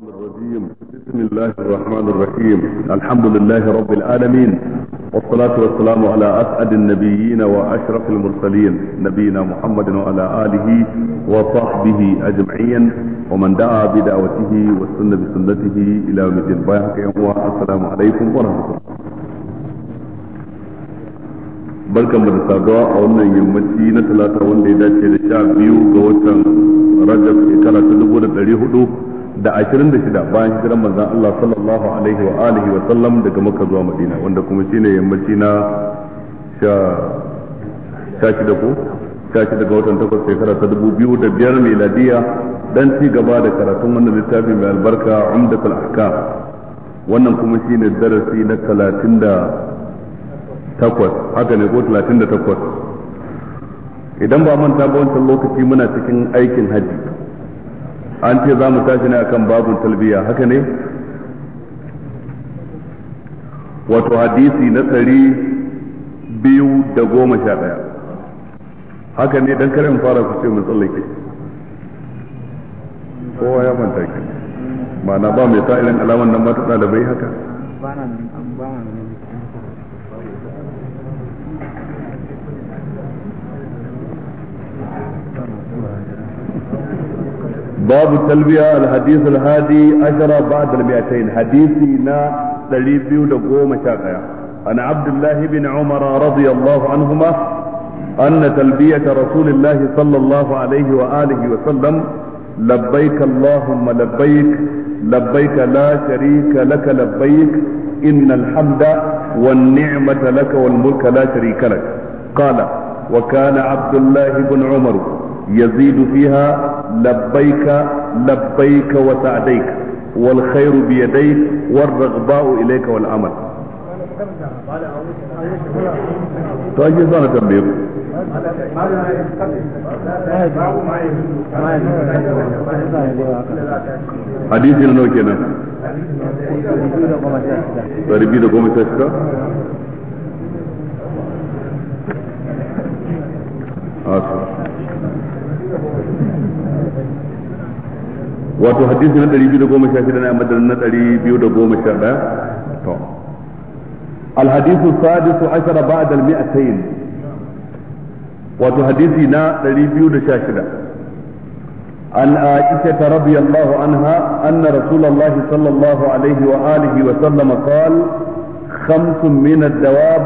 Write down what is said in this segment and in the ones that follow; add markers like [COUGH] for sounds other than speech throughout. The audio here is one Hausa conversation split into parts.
الشيطان الرجيم بسم الله الرحمن الرحيم الحمد لله رب العالمين والصلاة والسلام على أسعد النبيين وأشرف المرسلين نبينا محمد وعلى آله وصحبه أجمعين ومن دعا بدعوته والسنة بسنته إلى مدين بيحك السلام عليكم ورحمة الله barkan من da saduwa a wannan yammaci na talata wanda ya dace da sha biyu da ashirin da shida bayan hijiran manzon Allah sallallahu alaihi wa alihi wa sallam daga Makka zuwa Madina wanda kuma shine yammaci na sha da shida ko sha watan takwas shekara ta dubu biyu da biyar miladiya dan ci gaba da karatun wannan littafi mai albarka umdatul ahkam wannan kuma shine darasi na talatin da takwas haka ne ko talatin da takwas idan ba manta ba wancan lokaci muna cikin aikin hajji an ce za mu tashi ne a kan babun talbiya haka ne wato hadisi na tsari biyu da goma sha ɗaya haka ne don karin fara ku ce mu tsallake kowa ya manta ki ma'ana ba mai sa alaman nan ba ta bai haka باب التلبية الحديث الهادي عشر بعد المئتين حديثنا تلبي لقوم شاقيا عن عبد الله بن عمر رضي الله عنهما أن تلبية رسول الله صلى الله عليه وآله وسلم لبيك اللهم لبيك لبيك لا شريك لك لبيك إن الحمد والنعمة لك والملك لا شريك لك قال وكان عبد الله بن عمر يزيد فيها لبيك لبيك وسعديك والخير بيديك والرغباء إليك والأمل طيب أنا تنبيه hadisi na nawa kenan dari biyu da goma sha shida a wato hadisi na 216 na madadin na 211 to الحديث السادس عشر بعد المئتين وتحديثنا لريبيو دشاشرة عن عائشة رضي الله عنها أن رسول الله صلى الله عليه وآله وسلم قال خمس من الدواب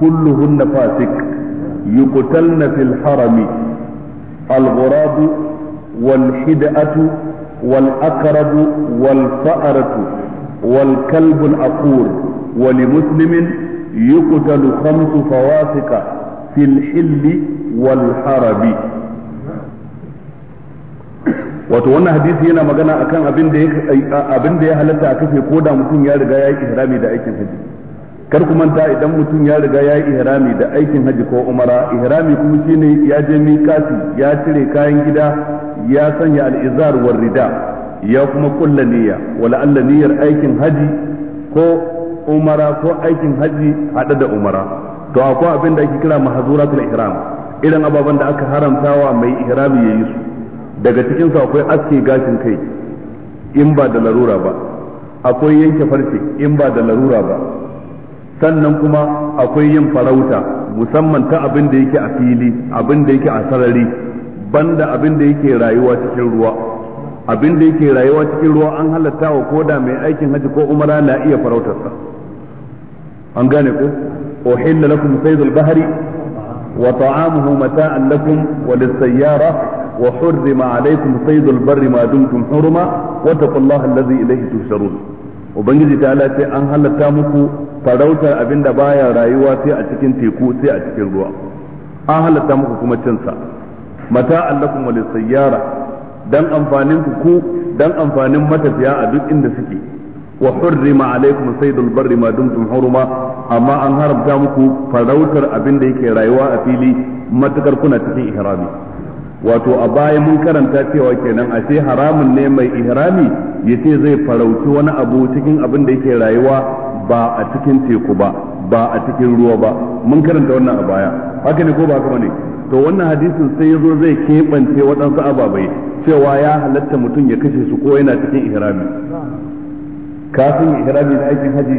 كلهن فاسق يقتلن في الحرم الغراب والحدأة والأقرب والفأرة والكلب الأقور ولمسلم يقتل خمس فواسق في الحل والحرب wato wannan hadisi yana magana akan abin da ya halatta a kafe ko da mutum ya riga ya yi ihrami da aikin haji kar ku manta idan mutum ya riga ya yi ihrami da aikin haji ko umara ihrami kuma shine ya je miƙati ya cire kayan gida ya sanya al'izar war rida ya kuma kulla niyya wala alla niyyar aikin haji ko umara ko aikin haji hada da umara to akwai abin da ake kira mahzuratul ihram idan ababen da aka haramtawa mai ihrami yi su daga cikin su akwai aske gashin kai in ba da larura ba akwai yanke farce in ba da larura ba sannan kuma akwai yin farauta musamman ta abin da yake a fili abin da yake a sarari banda abin da yake rayuwa cikin ruwa abin da yake rayuwa cikin ruwa an halatta wa koda mai aikin haji ko umara na iya farautarsa an gane ko uhilla lakum saydul bahri wa ta'amuhu mata'an lakum wa lis-sayyara wa hurrima alaykum saydul barri ma dumtum hurma wa taqullaha alladhi ilayhi tuhsharun ubangiji ta ala an halatta muku farautar abinda baya rayuwa sai a cikin teku sai a cikin ruwa an halatta muku kuma cinsa mata allakum wa sayyara dan amfanin ku dan amfanin matafiya a duk inda suke wa hurrima alaikum saydul barri ma dumtum hurma amma an haramta muku farautar abinda da yake rayuwa a fili matukar kuna cikin ihrami wato a baya mun karanta cewa kenan ashe haramun ne mai ihrami ya ce zai farauci wani abu cikin abin da yake rayuwa ba a cikin teku ba ba a cikin ruwa ba mun karanta wannan a baya haka ne ko ba haka ne to wannan hadisin sai ya zo zai keɓance waɗansu ababai cewa ya halatta mutum ya kashe su ko yana cikin ihrami kafin ihrami da aikin haji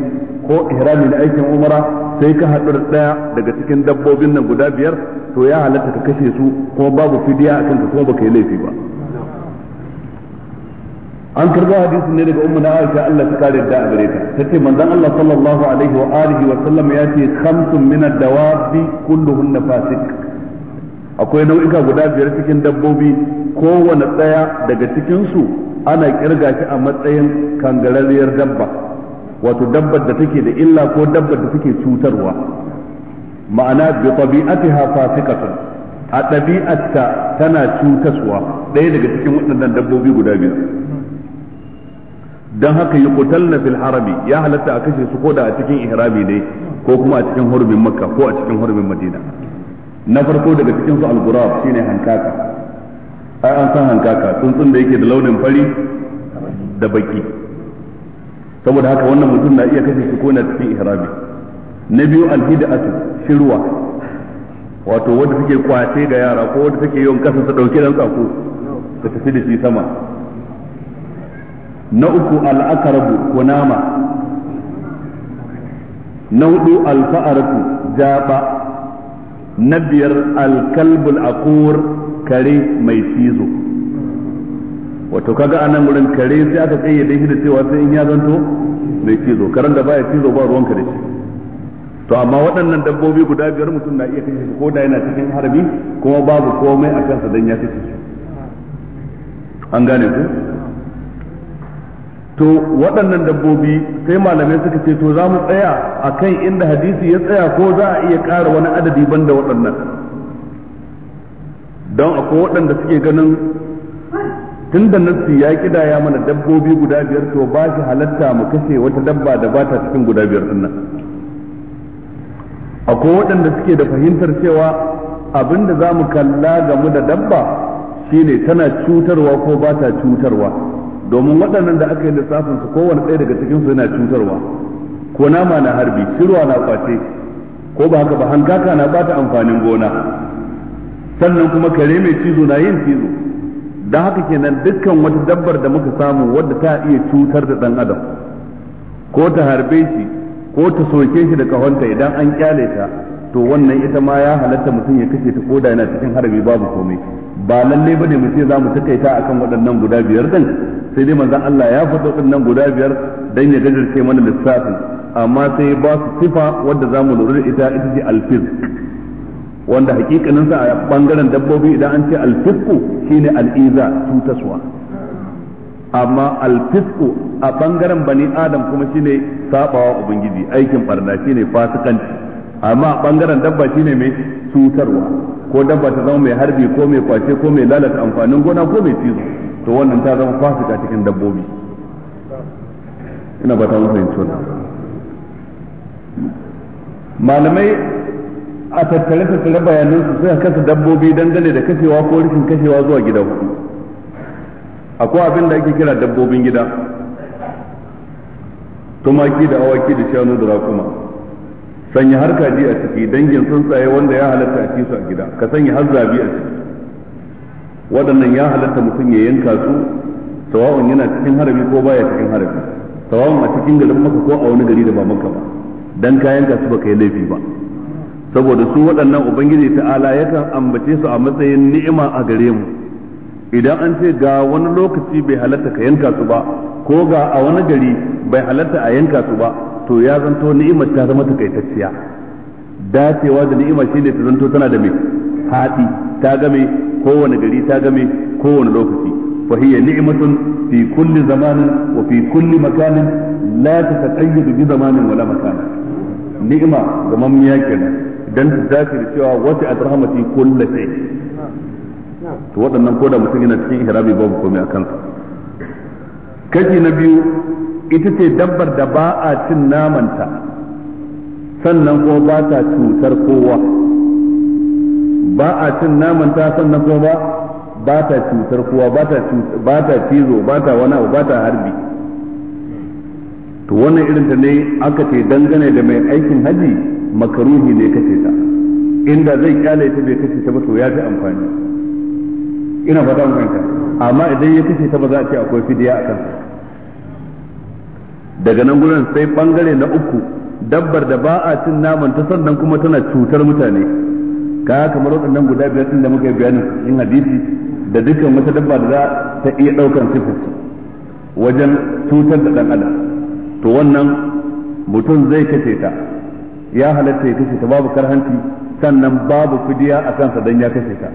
ko ihrami da aikin umara sai ka haɗu ɗaya daga cikin dabbobin nan guda biyar to ya halatta ka kashe su kuma babu fidiya akan ka kuma baka yi laifi ba an karbo hadisin ne daga ummuna Aisha Allah ta kare da gare ta tace manzon Allah sallallahu alaihi wa alihi wa sallam ya ce khamsun min ad-dawabi kulluhunna fasik akwai nau'ika guda biyar cikin dabbobi kowane tsaya daga cikin su ana kirga shi a matsayin kangararriyar dabba wato dabbar da take da illa ko dabbar da take cutarwa ma'ana bi tabi'atiha fasiqatun a ɗabi'arta tana cutaswa ɗaya daga cikin waɗannan dabbobi guda biyar dan haka yuqtalna fil harami ya halatta a kashe su koda a cikin ihrami ne ko kuma a cikin hurbin makka ko a cikin hurbin madina na farko daga cikin su al shine hankaka ai an san hankaka tsuntsun da yake da launin fari da baki saboda haka wannan mutum na iya kashe su ko na cikin ihrami na biyu alhidatu shirwa wato wanda take kwace ga yara ko wanda take yawan kasa ta dauke dan sako ta tafi da shi sama na uku al'akarabu kunama na hudu alfa'arku jaba na biyar alkalbul akur kare mai cizo wato kaga anan wurin kare sai aka kayyade shi da cewa sai in ya zanto mai cizo karen da baya cizo ba ruwan kare to amma waɗannan dabbobi guda biyar mutum na iya kashe ko da yana cikin harbi kuma babu komai a kansa dan ya kashe su an gane ku to waɗannan dabbobi sai malamai suka ce to za mu tsaya a kan inda hadisi ya tsaya ko za a iya ƙara wani adadi banda waɗannan don akwai waɗanda suke ganin tun da nassi ya kidaya mana dabbobi guda biyar to ba shi halatta mu kashe wata dabba da ba ta cikin guda biyar din nan akwai waɗanda suke da fahimtar cewa abin da za mu kalla game da dabba shine tana cutarwa ko ba ta cutarwa domin waɗannan da aka yi lissafin su kowane ɗaya daga cikin su yana cutarwa ko nama na harbi shirwa na kwace ko ba haka ba hankaka na bata amfanin gona sannan kuma kare mai cizo na yin cizo don haka kenan dukkan wata dabbar da muka samu wadda ta iya cutar da ɗan adam ko ta harbe shi ko ta soke shi da kahonta idan an kyale ta to wannan ita ma ya halatta mutum ya kashe ta koda yana cikin harbi babu komai ba lalle bane mu ce za mu takaita akan waɗannan guda biyar din sai dai manzon Allah ya faɗa waɗannan guda biyar dan ya gajarce mana lissafin amma sai ba su sifa wadda za mu lura da ita ita ce alfiz wanda hakikanin sa a bangaren dabbobi idan an ce alfisku shine al'iza tutaswa amma alfisku a bangaren bani adam kuma shine sabawa ubangiji aikin barna shine fasikanci amma a bangaren dabba shine mai cutarwa ko dabba ta zama mai harbi ko mai kwace ko mai lalata amfanin gona ko mai cizo to wannan ta zama fasika cikin dabbobi ina ba ta fahimci malamai a tattare tattare bayanan su suka kasa dabbobi dangane da kashewa ko rikin kashewa zuwa gida hudu akwai abin da ake kira dabbobin gida tumaki da awaki da shanu da rakuma sanya har kaji a ciki dangin tsuntsaye wanda ya halatta a ci su a gida ka sanya har zabi a ciki waɗannan ya halatta mutum ya yanka su sawa'un yana cikin harabi ko baya cikin harabi sawa'un a cikin garin maka ko a wani gari da ba maka ba dan ka yanka su baka yi laifi ba saboda su waɗannan ubangiji ta'ala yakan ambace su a matsayin ni'ima a gare mu idan an ce ga wani lokaci bai halatta ka yanka su ba ko ga a wani gari bai halatta a yanka su ba to ya zanto ni'imar ta zama takaitacciya dacewa da ni'ima shine ta zanto tana da mai haɗi ta game kowane gari ta game kowane lokaci fa hiya ni'matun fi kulli zamanin wa fi kulli makanin la tataqayyadu bi zamanin wala makanin ni'ima zaman miya kenan dan ta dace da cewa wata adrahmati kullu sai. to waɗannan ko koda mutum yana cikin ihrami babu komai a kansa kashi na biyu ita ce dabbar da ba a cin namanta sannan ko ba ta cutar kowa ba a cin namanta sannan ko ba ba ta cutar kowa ba ta cizo ba ta wani abu ba ta harbi to wannan irin ta ne aka ce dangane da mai aikin haji makaruhi ne kace ta inda zai kyale ta bai kace ta ba to ya fi amfani ina fata mun amma idan ya kace ta ba za a ce akwai fidiya a kansa. daga nan gurin sai bangare na uku dabbar da ba a cin naman ta sannan kuma tana cutar mutane ka kamar waɗannan guda biyar din da muka yi bayanin cikin hadisi da dukkan wata dabba da za ta iya ɗaukan sifir wajen cutar da ɗan adam to wannan mutum zai kace ta ya halatta ya kace ta babu karhanci sannan babu fidiya a kansa dan ya kace ta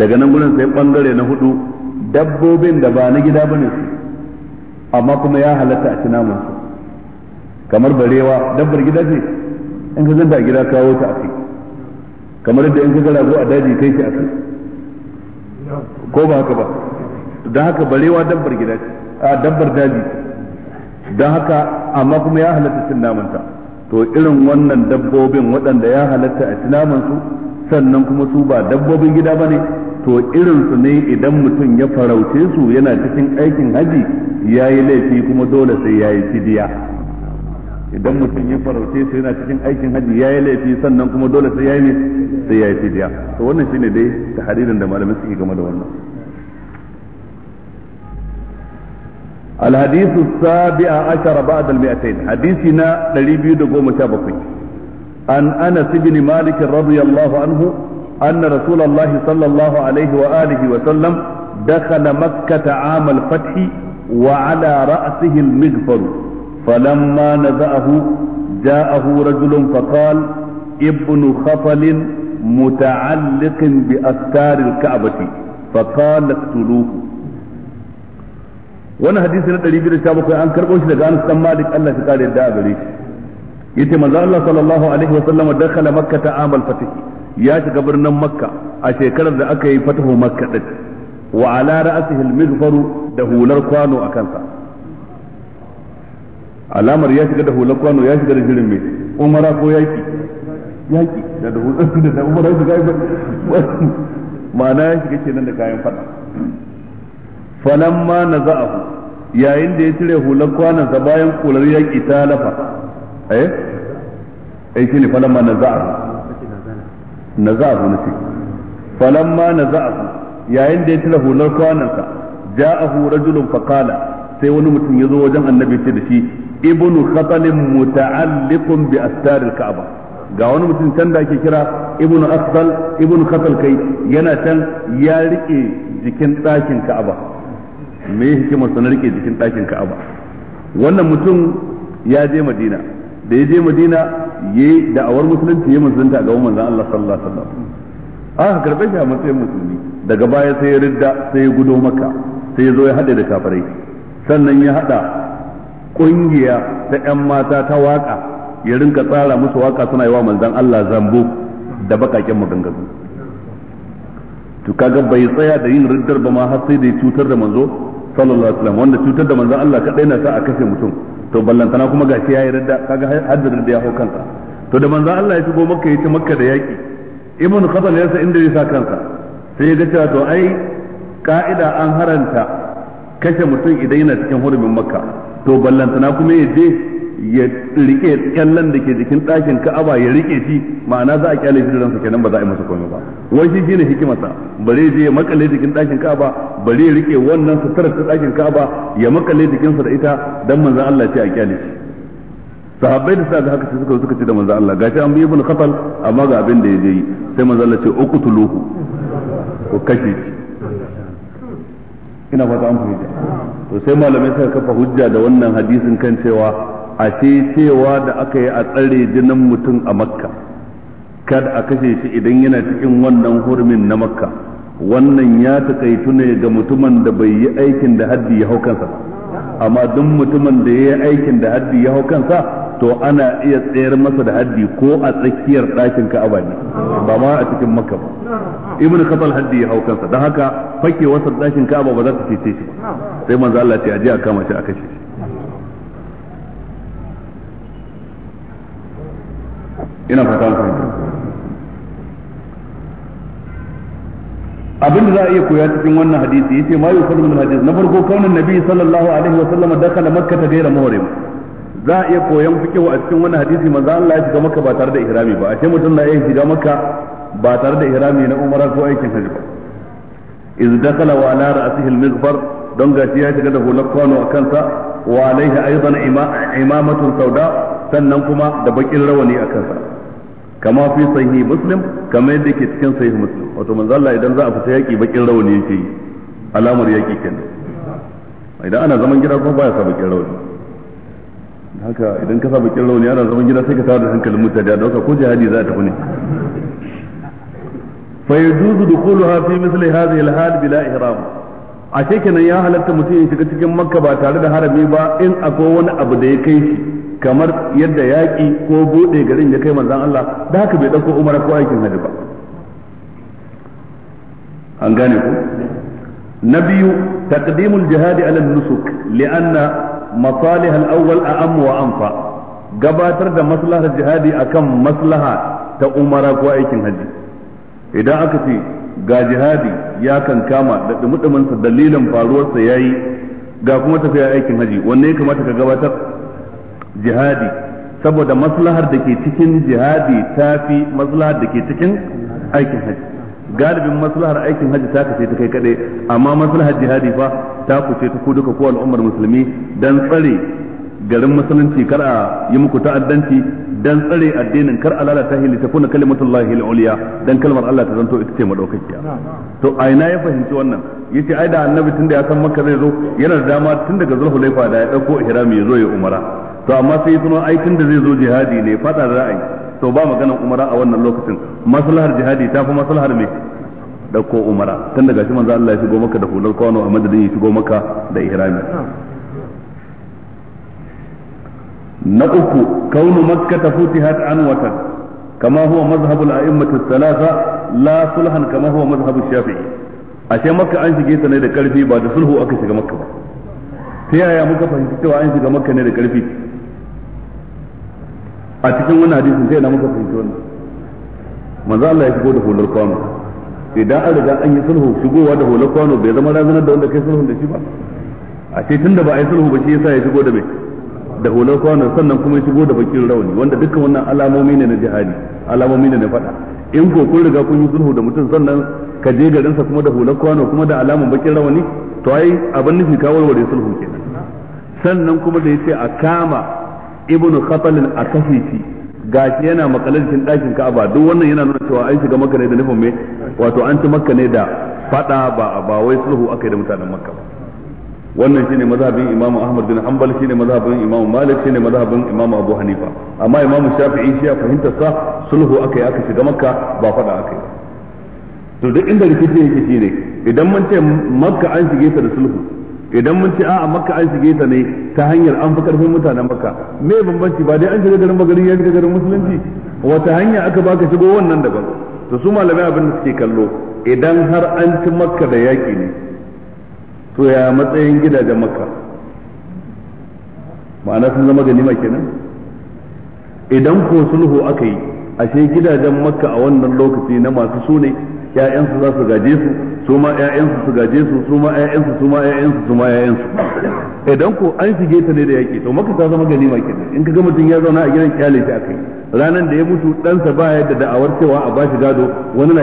daga nan gurin sai bangare na hudu dabbobin da ba na gida bane su amma kuma ya halatta a ci naman su kamar barewa dabbar gida ce in ka zanta a gida kawo ta akai kamar yadda in ka gara rago a daji kai a akai ko ba haka ba don haka barewa dabbar gida ce a dabbar daji don haka amma kuma ya halatta cin namanta to irin wannan dabbobin waɗanda ya halatta a ci naman su sannan kuma su ba dabbobin gida ba ne to irinsu ne idan mutum ya farauce su yana cikin aikin haji ya yi laifi kuma dole sai ya yi fidiya idan mutum ya farauce su yana cikin aikin haji ya yi laifi sannan kuma dole sai ya yi sai ya yi fidiya to wannan shine dai ta haririn da malamin suke game da wannan الحديث السابع عشر بعد المئتين حديثنا لريبيو دقوم شابكين an anas malikin malik radiyallahu anhu anna rasulullahi sallallahu alaihi wa alihi wa sallam dakhala makkah عام الفتح وعلى رأسه المغفر فلما نزعه جاءه رجل فقال ابن خفل متعلق بأستار الكعبة فقال اقتلوه wani hadisi na 217 an karɓo shi daga an san Malik Allah ya kare da gare shi yace manzo Allah sallallahu alaihi wa sallam dakhala makka ta amal fatih ya shiga birnin makka a shekarar da aka yi fatahu makka din wa ala ra'sihi al-mizfaru da hular kwano a kansa alamar ya shiga da hular kwano ya shiga da jirin mai umara ko yaki yaki da da hular da umara ya shiga ma'ana ya shiga kenan da kayan fada falamma naza'ahu yayin da ya cire hular kwanansa bayan kular yaki ta lafa eh ai eh, shine falamma naza'ahu naza'ahu nace falamma naza'ahu yayin da ya tila hular kwanansa ja'ahu rajulun faqala sai wani mutum ya zo wajen annabi ce da shi ibnu khatalin muta'alliqun bi astaril ka'aba ga wani mutum can da ake kira ibnu asdal ibnu khatal kai yana can ya rike jikin ɗakin ka'aba me hikimar sa na rike jikin ɗakin ka'aba wannan mutum ya je madina da ya je madina ya yi da'awar musulunci ya musulunta a gaban manzan Allah sallallahu alaihi wasallam aka karɓe shi a matsayin musulmi daga baya sai ya ridda sai ya gudo maka sai ya zo ya haɗe da kafirai sannan ya haɗa ƙungiya ta 'yan mata ta waƙa ya rinka tsara musu waƙa suna yi wa manzan Allah zambo da baƙaƙen maganganu to kaga bai tsaya da yin riddar ba ma har sai da ya cutar da manzo sallallahu alaihi wasallam wanda cutar da manzon Allah kadai na sa a kashe mutum to ballantana kuma shi yayi radda kaga haddar da ya hau kansa to da manzo Allah ya shigo makka yace makka da yaki ibn qatal ya sa inda yasa kansa sai ya ga cewa to ai ka'ida an haranta kashe mutum idan yana cikin hurumin makka to ballantana kuma ya je ya rike kyallan da ke jikin ɗakin ka'aba ya rike shi ma'ana za a kyale shi da ransa kenan ba za a yi masa komai ba wai shi shine hikimarsa bare je ya makale jikin ɗakin ka'aba bare ya rike wannan sutarar ta ɗakin ka'aba ya makale jikinsa da ita dan manzon Allah ce a kyale shi sahabbai da suka ga haka suka suka ce da manzon Allah gashi an bi ibn khatal amma ga abin da ya je sai manzon Allah ce uqtuluhu ko kashe shi ina fata an fahimta to sai malamai suka kafa hujja da wannan hadisin kan cewa a ce cewa da aka yi a tsare jinin mutum a makka kada a kashe shi idan yana cikin wannan hurmin na makka wannan ya taƙaitu ne ga mutumin da bai yi aikin da haddi ya hau kansa amma duk mutumin da ya yi aikin da haddi ya hau kansa to ana iya tsayar masa da haddi ko a tsakiyar ɗakin ka'aba ne ba ma a cikin makka ba ibnu kabal haddi ya hau kansa don haka fake wasa ɗakin ka'aba ba za ta cece shi ba sai manzo Allah ya ce a a kama shi a kashe shi ina fata ku abin da za a iya koya cikin wannan hadisi yace ma yufadu min hadis na farko kaunin nabi sallallahu alaihi wa sallam dakala makka ta gaira muhrim za a iya koyan fikihu a cikin wannan hadisi manzo Allah ya shiga makka ba tare da ihrami ba A ce mutum na iya shiga makka ba tare da ihrami na umara ko aikin hajji ba iz dakala wa ala ra'sihi al-mighfar don gashi ya shiga da hular kwano a kansa wa alaihi aidan imamatun sauda sannan kuma da bakin rawani a kansa kama fi sahihi muslim kama yadda ke cikin sahihi muslim wato manzo Allah idan za a fita yaki bakin rawani yake yi alamar yaki kenan idan ana zaman gida kuma baya sa bakin rawani haka idan ka sa bakin rawani ana zaman gida sai ka tawar da hankalin mutane da ko jihadi za ta tafi ne fa yajuzu dukhuluha fi misli hadhihi al bila ihram ashe kenan ya halatta mutum ya shiga cikin makka ba tare da harami ba in akwai wani abu da ya kai shi kamar yadda yaƙi ko buɗe garin ya kai manzan Allah da haka bai ɗauko umara ko aikin hajji ba an gane ku na biyu taqdimul jihadi ala nusuk li'anna masalih al-awwal a'am wa anfa gabatar da maslahar jihadi akan maslaha ta umara ko aikin hajji idan aka ce ga jihadi ya kankama kama da dumudumin sa dalilin faruwar sa yayi ga kuma tafiya aikin hajji wanne ya kamata ka gabatar jihadi saboda maslahar da ke cikin jihadi ta fi maslahar da ke cikin aikin haji galibin maslahar aikin hajji ta kace ta kai kadai amma maslahar jihadi fa ta kuce ta ku duka ko al'ummar musulmi dan tsare garin musulunci kar a yi muku ta'addanci dan tsare addinin kar a lalata hili ta kuna kalimatullahi al-uliya dan kalmar Allah ta zanto ita ce madaukakiya to a ina ya fahimci wannan yace ai da annabi tunda ya san makka zai zo yana da dama tun daga laifa da ya dauko ihrami ya zo ya umara to amma sai ya tuno ai tunda zai zo jihadi ne fada ra'ayi to ba magana umara a wannan lokacin maslahar jihadi ta fi maslahar me dauko umara tun daga shi manzo Allah ya shigo maka da hular kwano a madadin ya shigo makka da ihrami na uku kaunu makka ta hat an watan kama huwa al a'immatu thalatha la sulhan kama huwa mazhabu shafi'i ashe makka an shige ta ne da karfi ba da sulhu aka shiga makka ba ta yaya muka fahimci cewa an shiga makka ne da karfi a cikin wannan hadisin sai na muka fahimci wannan manzo Allah ya shigo da hular kwano idan an riga an yi sulhu shigowa da hular kwano bai zama razanar da wanda kai sulhun da shi ba a ce tunda ba a yi sulhu ba shi yasa ya shigo da mai da hular kwano sannan kuma ya shigo da bakin rauni wanda dukkan wannan alamomi ne na jihadi alamomi ne na faɗa in ko kun riga kun yi sulhu da mutum sannan ka je garinsa kuma da hular kwano kuma da alaman bakin rawani to ai abin nufi ka warware sulhu kenan sannan kuma da yace a kama ibnu khatalin a kafifi gashi yana makalancin ɗakin ka'aba duk wannan yana nuna cewa an shiga makka ne da nufin me wato an ci makka ne da fada ba ba wai sulhu aka yi da mutanen makka ba wannan shine mazhabin Imam Ahmad bin Hanbal shine mazhabin Imam Malik shine mazhabin Imam Abu Hanifa amma Imam Shafi'i shi ya fahimta sa sulhu akai aka shiga Makka ba fada akai to duk inda rikici yake shine idan mun ce Makka an shige ta da sulhu idan mun ce a'a Makka an shige ta ne ta hanyar an fi karfin mutanen Makka me bambanci ba dai an shiga garin bagari ya shiga garin musulunci wata hanya aka baka shigo wannan daban to su malamai abin da suke kallo idan har an ci Makka da yaki ne to ya matsayin gidajen makka ma'ana sun zama ganima kenan idan ko sulhu aka yi ashe gidajen makka a wannan lokaci na masu su ne za su gaje su su ma ya'yansu su gaje su su ma ya'yansu su ma ya'yansu su ma ya'yansu idan ko an shige ta ne da yaƙi to makka ta zama ganima kenan in kaga mutum ya zauna a gidan kyale shi akai ranan da ya mutu ɗansa ba yadda da'awar cewa a bashi gado wani na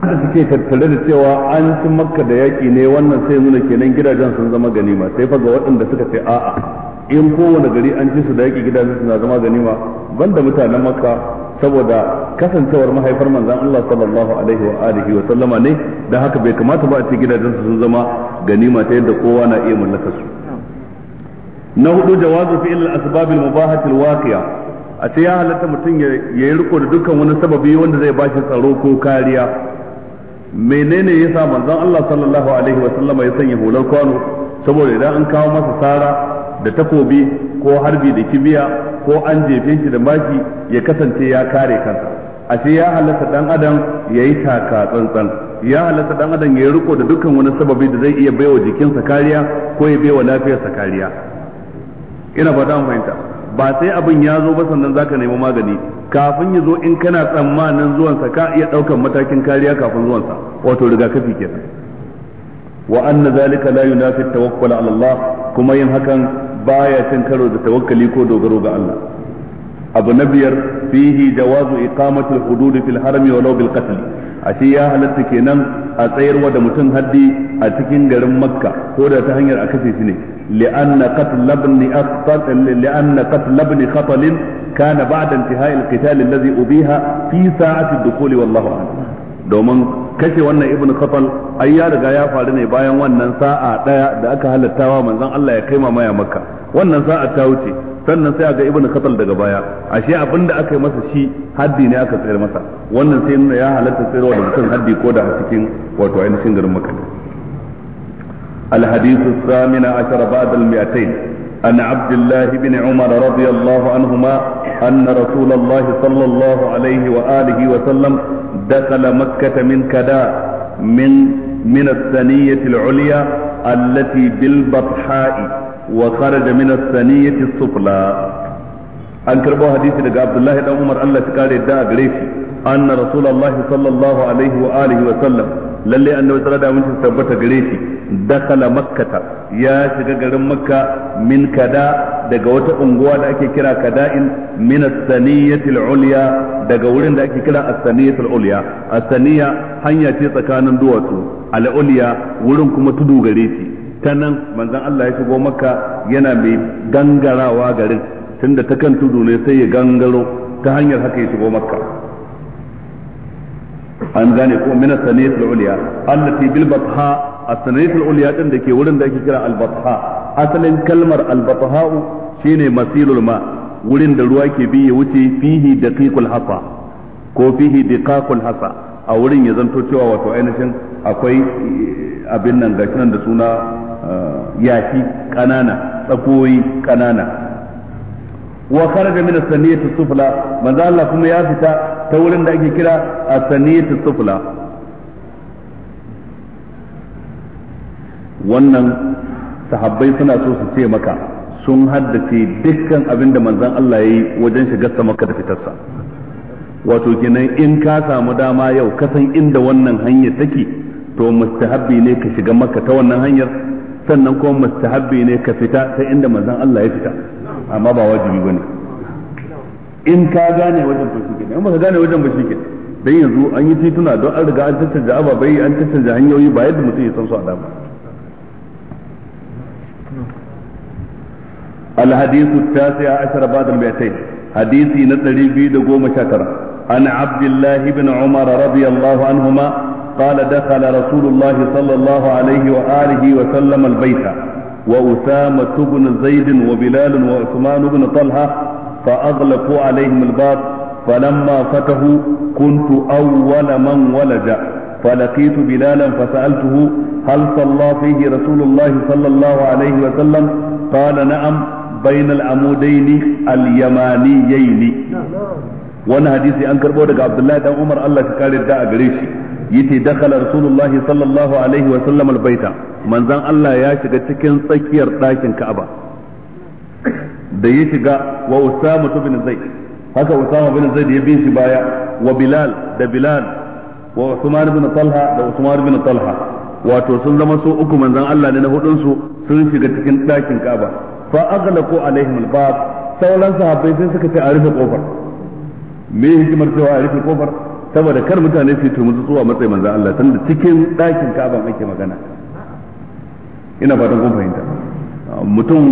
da suke tattare da cewa an ci makka da yaƙi ne wannan sai nuna kenan gidajen sun zama ganima sai fa ga waɗanda suka ce a'a in kowane gari an ci su da yaƙi gidajen suna zama ganima banda mutanen makka saboda kasancewar mahaifar manzan Allah sallallahu alaihi wa alihi wa sallama ne da haka bai kamata ba a ce gidajen sun zama ganima ta yadda kowa na iya mallaka su na hudu jawazu fi illa asbab al mubahat al waqi'a a ce ya halatta mutum ya yi riko da dukkan wani sababi wanda zai bashi tsaro ko kariya menene yasa manzon Allah sallallahu alaihi wa sallama ya sanya hular kwano saboda idan an kawo masa sara da takobi ko harbi da kibiya ko an jefe shi da maki ya kasance ya kare kansa A ce ya halatta dan adam yayi taka tsantsan ya halatta dan adam yayi riko da dukkan wani sababi da zai iya baiwa jikinsa kariya ko ya baiwa lafiyarsa kariya ina fata an fahimta ba sai abin ya zo ba sannan zaka nemi magani kafin ya zo in kana tsammanin zuwansa ka iya ɗaukan matakin kariya kafin zuwansa wato rigakafi kenan wa anna zalika la yunafi tawakkul ala Allah kuma yin hakan baya cin karo da tawakkali ko dogaro ga Allah abu na biyar fihi jawazu iqamati al-hudud fil harami walau bil qatl ashe ya halatta kenan a tsayarwa da mutum haddi a cikin garin makka ko da ta hanyar a kashe ne li'anna qatl ibn aqtal li'anna qatl ibn khatal kana ba'da intihai al-qital alladhi ubiha fi sa'ati ad-dukhul wallahu a'lam domin kashe wannan ibn kafal ai ya riga ya faru ne bayan wannan sa'a daya da aka halattawa manzon Allah ya kai mamaya makka wannan sa'a ta wuce sannan sai a ga ibn kafal daga baya ashe abin da aka yi masa shi haddi ne aka tsayar masa wannan sai nuna ya halatta tsayarwa da mutum haddi ko da a cikin wato ainihin garin makka الحديث الثامن عشر بعد المئتين عن عبد الله بن عمر رضي الله عنهما أن رسول الله صلى الله عليه وآله وسلم دخل مكة من كدا من من الثنية العليا التي بالبطحاء وخرج من الثنية السفلى an karbo hadisi daga Abdullahi dan Umar Allah ta kare da gare shi anna Rasulullah sallallahu alaihi wa alihi wa sallam lalle annabi sallallahu alaihi wa tabbata gare dakala makkata ya shiga garin makka min kada daga wata unguwa da ake kira kada'in min as-saniyatil ulya daga wurin da ake kira as-saniyatil ulya as-saniya hanya ce tsakanin duwatsu al-ulya wurin kuma tudu gare shi ta manzon Allah ya shigo makka yana mai gangarawa garin tunda ta kan tudu ne sai ya gangaro ta hanyar haka ya shigo makka an gane ko min as al-ulya allati bil batha as al-ulya din da ke wurin da ake kira al-batha asalin kalmar al-batha shine masilul ma wurin da ruwa ke bi ya wuce fihi daqiqul hasa ko fihi diqaqul hasa a wurin ya zanto cewa wato ainihin akwai abin nan gashi nan da suna eh, yashi ƙanana tsakoyi ƙanana wa kharaja min as as sufla manzo Allah kuma ya fita ta wurin da ake kira as as sufla wannan sahabbai suna so su ce maka sun haddace dukkan abin da manzon Allah yayi wajen shigar sa maka da fitarsa wato kenan in ka samu dama yau ka san inda wannan hanya take to mustahabbi ne ka shiga maka ta wannan hanyar sannan kuma mustahabbi ne ka fita ta inda manzon Allah ya fita amma ba wajibi bane in ka gane wajen ba shike in baka gane wajen ba shike dan yanzu an yi tituna don an riga an tattaunawa ababai an tattaunawa hanyoyi ba yadda mutum ya san su a dama الحديث التاسع عشر بعد المئتين حديثي نتري في دقوم شكر عن عبد الله بن عمر رضي الله عنهما قال دخل رسول الله صلى الله عليه وآله وسلم البيت وأسامة بن زيد وبلال وعثمان بن طلحة فأغلقوا عليهم الباب فلما فتحوا كنت أول من ولج فلقيت بلالا فسألته هل صلى فيه رسول الله صلى الله عليه وسلم قال نعم بين العمودين اليمانيين وانا حديثي انكر بودك عبد الله بن عمر الله تكاري الداء قريش يتي دخل رسول الله صلى الله عليه وسلم البيت manzan Allah ya shiga cikin tsakiyar ɗakin Ka'aba da ya shiga wa Usama bin Zaid haka Usama bin Zaid ya bi shi baya wa Bilal da Bilal wa Usman bin Talha da Usman bin Talha wato sun zama so uku manzan Allah ne na hudun su sun shiga cikin ɗakin Ka'aba fa aghlaqu alaihim al sauran sahabbai sai suka ce a rufe kofar me hikimar cewa a rufe kofar saboda kar mutane su yi tumuzu zuwa matsayin manzan Allah tunda cikin ɗakin Ka'aba ake magana ina fatan kun fahimta mutum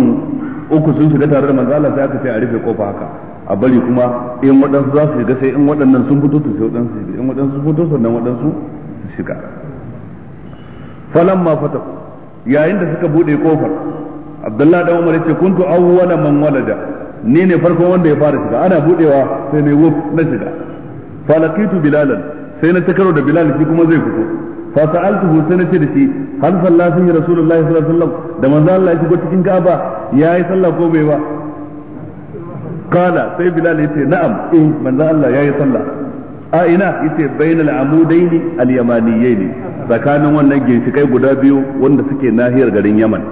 uku sun shiga tare da manzala sai aka ce a rufe kofa haka a bari kuma in waɗansu za su shiga sai in waɗannan sun fito su shiga waɗansu shiga in waɗansu sun fito sannan waɗansu su shiga falan ma fata yayin da suka buɗe kofar Abdullahi da Umar yace kuntu awwala man walada ni ne farkon wanda ya fara shiga ana buɗewa sai ne wuf na shiga falakitu bilalan sai na takaro da bilal shi kuma zai fito fa sa'altuhu sai nace da shi hal sallatin rasulullahi sallallahu alaihi wasallam da manzo Allah ya shigo cikin Ka'aba yayi sallah ko bai ba kala sai bilal yace na'am eh manzo Allah yayi sallah a ina yace bainal amudaini al-yamaniyaini tsakanin wannan ginshikai guda biyu wanda suke nahiyar garin Yaman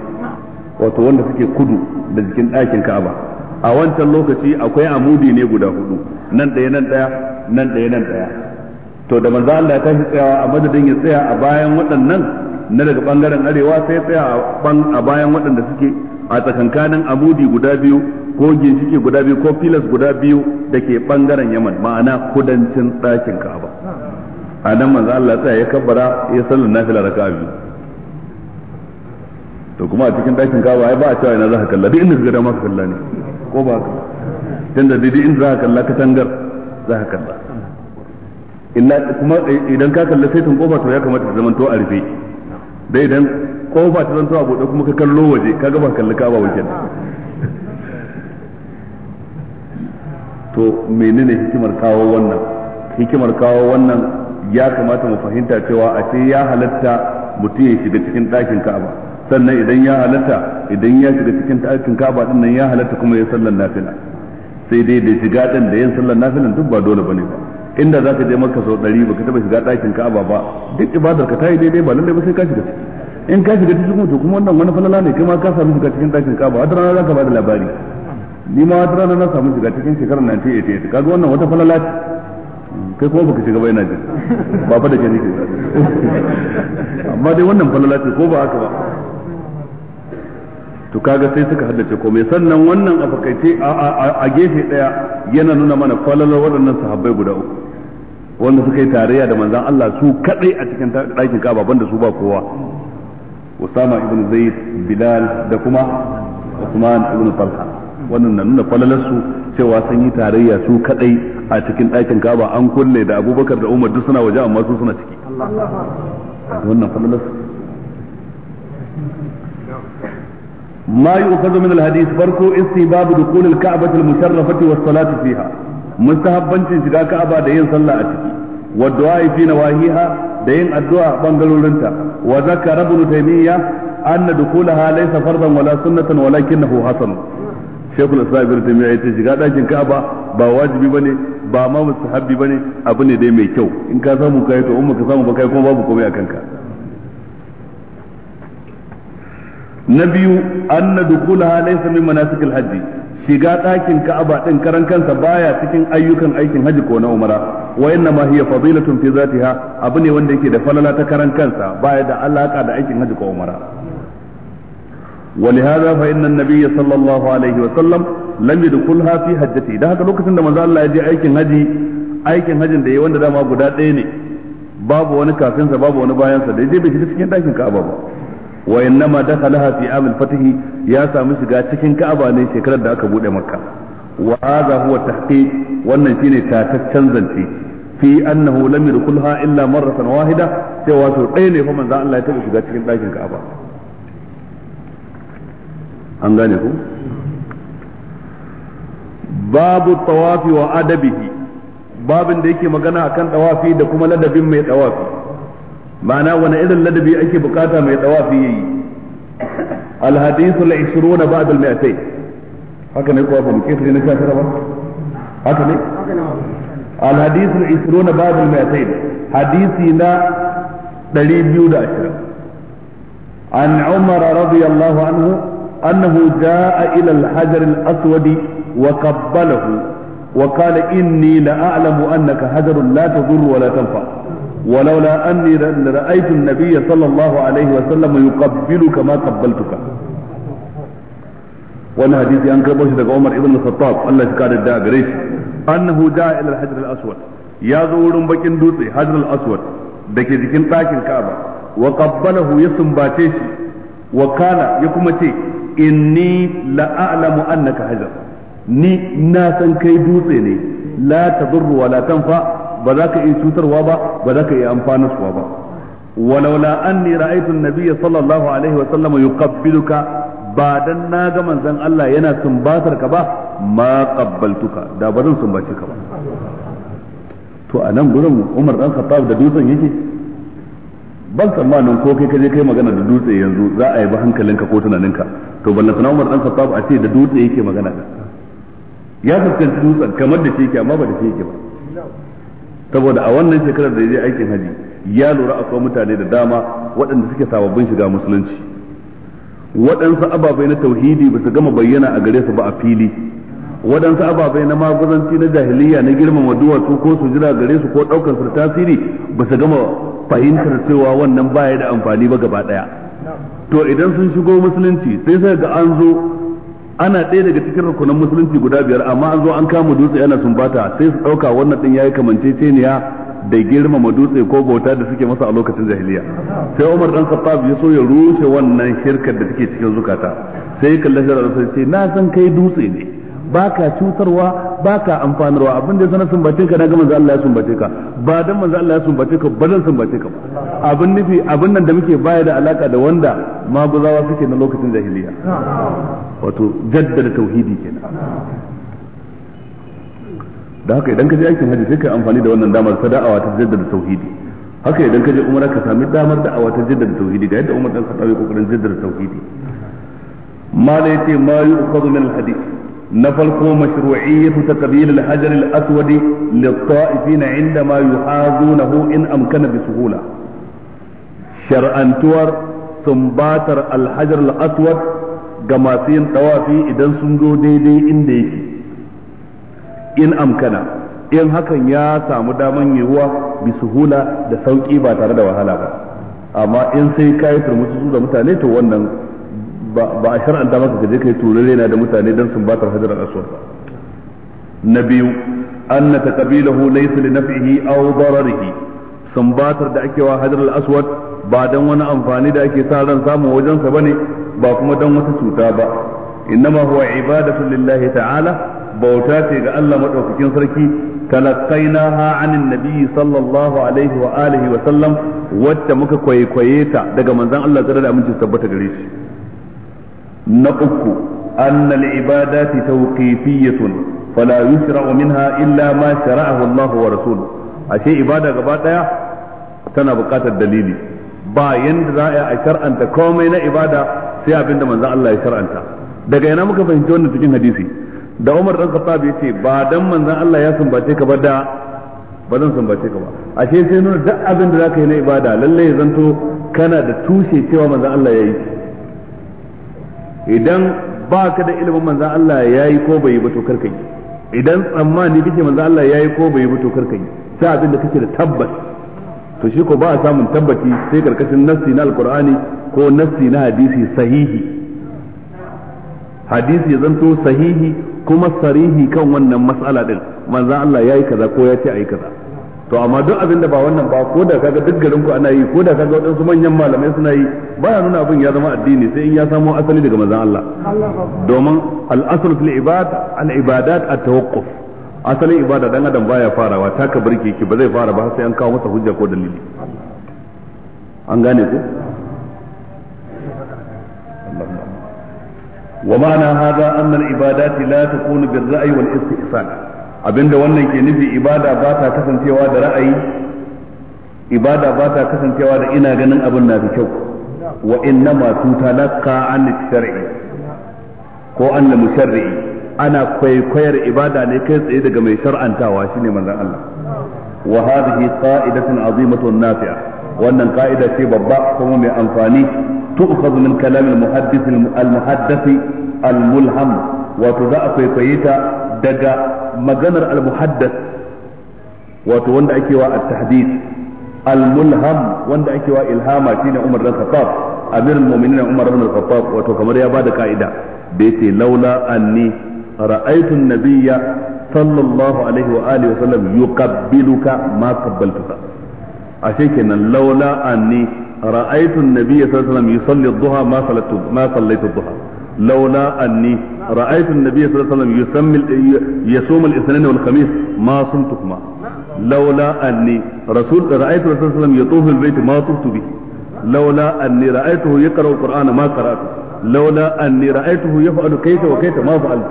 wato wanda suke kudu da jikin ɗakin Ka'aba a wancan lokaci akwai amudi ne guda hudu nan ɗaya nan ɗaya nan ɗaya nan ɗaya to da manzo Allah ya tashi tsayawa a madadin ya tsaya a bayan waɗannan na daga bangaren arewa sai tsaya a bayan waɗanda suke a tsakankanin amudi guda biyu ko ginshiki guda biyu ko filas guda biyu da ke bangaren yaman ma'ana kudancin ɗakin ka'aba a nan manzo Allah tsaya ya kabbara ya sallar nafila raka'a biyu to kuma a cikin ɗakin ka'aba ai ba a cewa ina za ka kalla duk inda ka gada maka ka kalla ne ko ba ka tunda dai duk inda za ka kalla tangar za ka kalla illa kuma idan ka kalli saitin kofa to ya kamata ta zamanto a rufe dai idan kofa ta zanto a bude kuma ka kallo waje ka gaba kalli ka ba wajen to menene hikimar kawo wannan hikimar kawo wannan ya kamata mu fahimta cewa a ce ya halatta mutum ya shiga cikin ɗakin ka'aba sannan idan ya halatta idan ya shiga cikin ɗakin ka'aba din nan ya halatta kuma ya sallar nafila sai dai da shiga din da yin sallar nafilan duk ba dole bane ba inda za ka je maka sau ɗari ka taɓa shiga ɗakin ka'aba ba duk ibadar ka yi daidai ba lalle ba sai ka shiga ciki in ka shiga kuma to kuma wannan wani falala ne kai ma ka samu shiga cikin ɗakin ka'aba wata rana ka bada labari ni ma wata rana na samu shiga cikin shekarar 1988 kaga wannan wata falala ce kai kuma baka shiga ba yana jin ba fa da ke nake amma dai wannan falala ce ko ba haka ba to kaga sai suka haddace komai sannan wannan a fakaice a gefe daya yana nuna mana falalar waɗannan sahabbai guda uku wanda suka yi tarayya da manzan Allah su kadai a cikin ɗakin Ka'aba banda su ba kowa Usama ibn Zaid Bilal da kuma Usman ibn Talha wannan na nuna falalar su cewa sun yi tarayya su kadai a cikin ɗakin Ka'aba an kulle da Abubakar da Umar duk suna waje amma su suna ciki wannan falalar su ما يؤخذ من الحديث فرقو استباب دخول الكعبة المشرفة والصلاة فيها مستحبا شجاع كعبة دين صلى أتكي والدعاء في نواهيها دين الدعاء بانجلولنتا وذكر ابن تيمية أن دخولها ليس فرضا ولا سنة ولكنه حسن شيخ الإسلام ابن تيمية يتشجاع لكن كعبة بواجب بني ba ma musahabbi bane abu ne dai mai kyau in ka samu kai to umma ka samu ba kai kuma babu komai a kanka na biyu anna dukhulaha laysa min manasikil haji, shiga ɗakin ka'aba ɗin karan kansa baya cikin ayyukan aikin hajji ko na umara wa inna ma hiya fadilatun fi zatiha abu ne wanda yake da falala ta karan kansa baya da alaka da aikin hajji ko umara ولهذا فإن النبي alaihi wa sallam, وسلم لم يدخلها fi hajjati. ده haka lokacin da manzo Allah ya je aikin haji aikin hajin da yayi wanda dama guda ɗaya ne babu wani kafinsa babu wani bayansa da ya je bai shiga cikin ɗakin Ka'aba ba wa innama dakhalaha fi am al-fath ya samu shiga cikin Ka'aba ne shekarar da aka bude Makka wa hadha huwa tahqiq wannan shine tataccen zance fi annahu lam yadkhulha illa marratan wahida cewa to ɗaya ne fa manzo Allah ya taba shiga cikin ɗakin Ka'aba an gane ku babu tawafi wa adabihi babin da yake magana akan tawafi da kuma ladabin mai tawafi ma'ana wani irin ladabi ake bukata mai tawafi yayi alhadithu la 20 ba'da al-mi'atay haka ne kuwa ban kisa ne ka ba haka ne alhadithu la 20 ba'da al-mi'atay hadisi na 220 an umar radiyallahu anhu annahu jaa ila al-hajar al-aswadi wa qabbalahu وقال إني لأعلم أنك حجر لا تضر ولا تنفع ولولا أني رأيت النبي صلى الله عليه وسلم يقبلك ما قبلتك وانا حديثي أنكر بوشي عمر ابن الخطاب الله يكاد الداء قريش أنه جاء إلى الحجر الأسود يا زور بكين دوتي حجر الأسود دكي ذكين تاك الكعبة وقبله يسم باتيشي وقال يكمتي إني لأعلم أنك حجر ni na san kai dutse ne la tadur wa la tanfa ba za ka iya cutarwa ba ba za ka iya amfanarwa ba walaula anni ra'aytu an-nabiyya sallallahu alaihi wa sallam yuqabbiluka ba dan na ga manzon Allah yana sumbatar ka ba ma da ba zan sumbace ka ba to a nan gurin Umar dan Khattab da dutsen yake ban tsammanin ko kai kaje kai magana da dutse yanzu za a yi ba hankalinka ko tunaninka to ballan sana Umar dan Khattab a ce da dutse yake magana ya fuskanci dutsen kamar da shi yake amma ba da ba saboda a wannan shekarar da je aikin haji ya lura akwai mutane da dama waɗanda suke sababbin shiga musulunci waɗansu ababai na tauhidi ba su gama bayyana a gare su ba a fili waɗansu ababai na maguzanci na jahiliya na girmama duwatsu ko su jira gare su ko ɗaukar su tasiri ba su gama fahimtar cewa wannan baya da amfani ba gaba ɗaya to idan sun shigo musulunci sai sai ga an zo ana ɗaya daga cikin rukunan musulunci guda biyar amma an zo an kama dutse yana sumbata sai su ɗauka wannan ɗin yayi kamanceceniya da girmama dutse ko bauta da suke masa a lokacin jahiliya sai Umar dan Khattab ya so ya rushe wannan shirkar da take cikin zukata sai kallon shara sai ce na san kai dutse ne baka cutarwa baka amfanarwa abin da ya sanar sumbace ka daga manzo Allah ya sumbace ka ba dan manzo Allah ya sumbace ka ba dan sumbace ka abin nufi abin nan da muke baya da alaka da wanda maguzawa suke na lokacin jahiliya wato jaddada tauhidi kenan da haka idan ka je aikin hajji sai ka amfani da wannan damar ta da'awa ta jaddada tauhidi haka idan ka je umara ka sami damar da'awa ta jaddada tauhidi ga yadda umar dan ka kokarin jaddada tauhidi ma la yace ma yu'khadhu min al-hadith na farko mashru'iyyatu taqbil al-hajar al-aswad lit-ta'ifin indama nahu in amkana bi suhula shar'antuwar sumbatar al-hajar aswad ga masu yin tawafi idan sun zo daidai inda yake in amkana in hakan ya samu daman yiwuwa bi da sauƙi ba tare da wahala ba amma in sai kai turmutsu da mutane to wannan ba a shar'anta maka ka je kai turare na da mutane don sun batar al-aswad na biyu anna taqbilahu laysa li naf'ihi aw dararihi sun batar da ake wa hajar al-aswad ba dan wani amfani da ake sa ran samu wajen sa bane ba kuma dan wata cuta ba innama huwa ibadatu lillahi ta'ala bauta ce ga Allah madaukakin sarki تلقيناها عن sallallahu alaihi wa عليه wa sallam وات muka kwaikwaye ta daga manzon Allah tsare da aminci tabbata gare shi na uku annal ibadati tawqifiyatun fala yusra'u minha illa ma shara'ahu Allah wa rasuluhu ashe ibada gaba daya tana buƙatar dalili ba yanda za a shar'anta komai na ibada sai abinda manzon Allah ya shar'anta daga yana muka fahimci wannan cikin hadisi da Umar dan Khattab yace ba dan manzon Allah ya sumbace ka da ba zan sumbace ka ashe sai nuna duk abinda da zaka yi na ibada lalle ya zanto kana da tushe cewa manzon Allah ya yi idan ba ka da ilimin manzan Allah ya yi ko bai yi ba to karka yi idan tsammani kake manzan Allah ya yi ko bai yi ba to karka yi sai abin da kake da tabbas to shi ko ba a samun tabbaci sai karkashin nassi na alqur'ani ko nassi na hadisi sahihi hadisi ya zanto sahihi kuma sarihi kan wannan mas'ala din manzan Allah ya yi kaza ko ya ce ayi kaza to amma duk abin da ba wannan ba ko da kaga duk garin ku ana yi ko da kaga wadansu manyan malamai suna yi baya nuna abin ya zama addini sai in ya samo asali daga manzon Allah domin al-asl fil ibad al-ibadat at-tawaqquf asalin ibada dan adam baya farawa taka birki ki ba zai fara ba sai an kawo masa hujja ko dalili an gane ku ومعنى هذا أن العبادات لا تكون بالرأي والاستئصال abinda wannan ke nufi ibada ba ta kasancewa da ra'ayi ibada ba ta kasancewa da ina ganin abin na da kyau wa inna ma tutalaqqa an shar'i ko an musharri ana kwaikwayar ibada ne kai tsaye daga mai shar'antawa shine manzon Allah wa hadhihi qa'idatun azimatun nafi'a wannan ka'ida ce babba kuma mai amfani tu'khadhu min kalam al-muhaddith al-muhaddath al-mulham wato za a kwaikwaye ta daga maganar al-muhaddath wato wanda ake wa at-tahdith al-mulham wanda ake wa ilhama shine Umar bin Khattab amir al-mu'minin Umar bin Khattab wato kamar ya bada ka'ida da yace laula anni ra'aytu an-nabiyya sallallahu alaihi wa alihi wa sallam yuqabbiluka ma qabbaltuka ashe kenan laula anni ra'aytu an-nabiyya sallallahu alaihi wa sallam yusalli ad-duha ma sallaitu ad-duha لولا أني رأيت النبي صلى الله عليه وسلم يسمي يصوم الاثنين والخميس ما صمتكما لولا أني رسول رأيت الرسول صلى الله عليه وسلم يطوف البيت ما طفت به لولا أني رأيته يقرأ القرآن ما قرأته لولا أني رأيته يفعل كيف وكيف ما فعل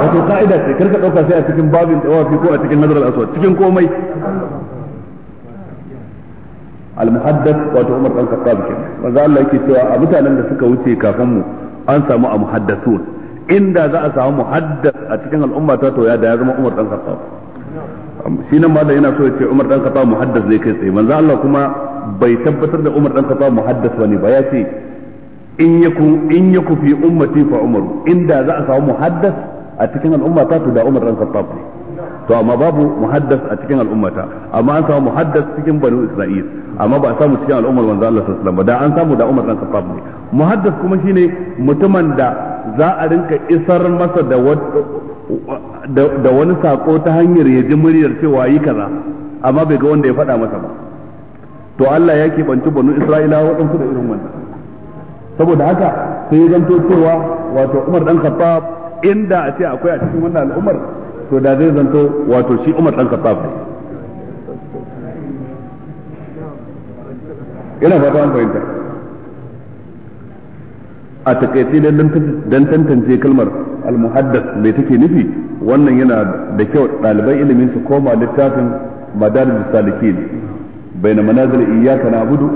wato ka'ida ce karka ɗauka sai a cikin babin tawafi ko a cikin nazar al-aswad cikin komai al-muhaddath wato Umar dan Khattab kenan manzo Allah yake cewa a mutanen da suka wuce kafin mu an samu a muhaddasun inda za a samu muhaddas a cikin al'umma ta to ya da ya zama Umar dan Khattab shi nan malam yana so ya ce Umar dan Khattab muhaddas ne kai tsaye manzo Allah kuma bai tabbatar da Umar dan Khattab muhaddas bane ba ya ce in yaku in yaku fi ummati fa Umar inda za a samu muhaddas a cikin al'umma ta to da Umar dan Khattab ne to amma babu muhaddas a cikin al'ummata amma an samu muhaddas cikin banu isra'il amma ba a samu cikin al'ummar manzo Allah sallallahu alaihi wasallam ba da an samu da Umar dan Khattab ne muhaddas kuma shine mutumin da za a rinka isar masa da da wani sako ta hanyar ya ji muryar cewa yi kaza amma bai ga wanda ya faɗa masa ba to Allah ya keɓanci banu Isra'ila waɗansu da irin wannan saboda haka sai ya zanto cewa wato Umar dan Khattab inda a ce akwai a cikin wannan al'ummar to da zai zanto wato shi Umar dan ne ina fata an fahimta a takaice dan tantance kalmar al mai take nufi wannan yana da kyau ɗaliban ilimin su koma littafin madarij salikin baina manazil na na'budu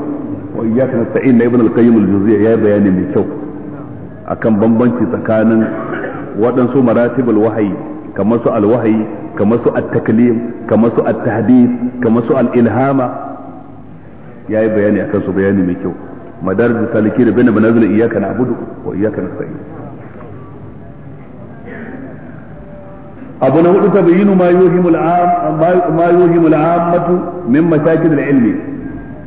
wa iyyaka nasta'in na ibn al-qayyim al-juziyya yi bayani mai kyau akan bambanci tsakanin waɗansu maratibul wahayi kamar su alwahayi kamar su at-taklim kamar su at-tahdid kamar su al-ilhama yayi bayani akan su bayani mai kyau madarij salikin bin manazil iyyaka na'budu wa iyyaka nasta'in abu na hudu tabayyinu ma yuhimu al-am ma yuhimu al-ammatu min masakil al-ilmi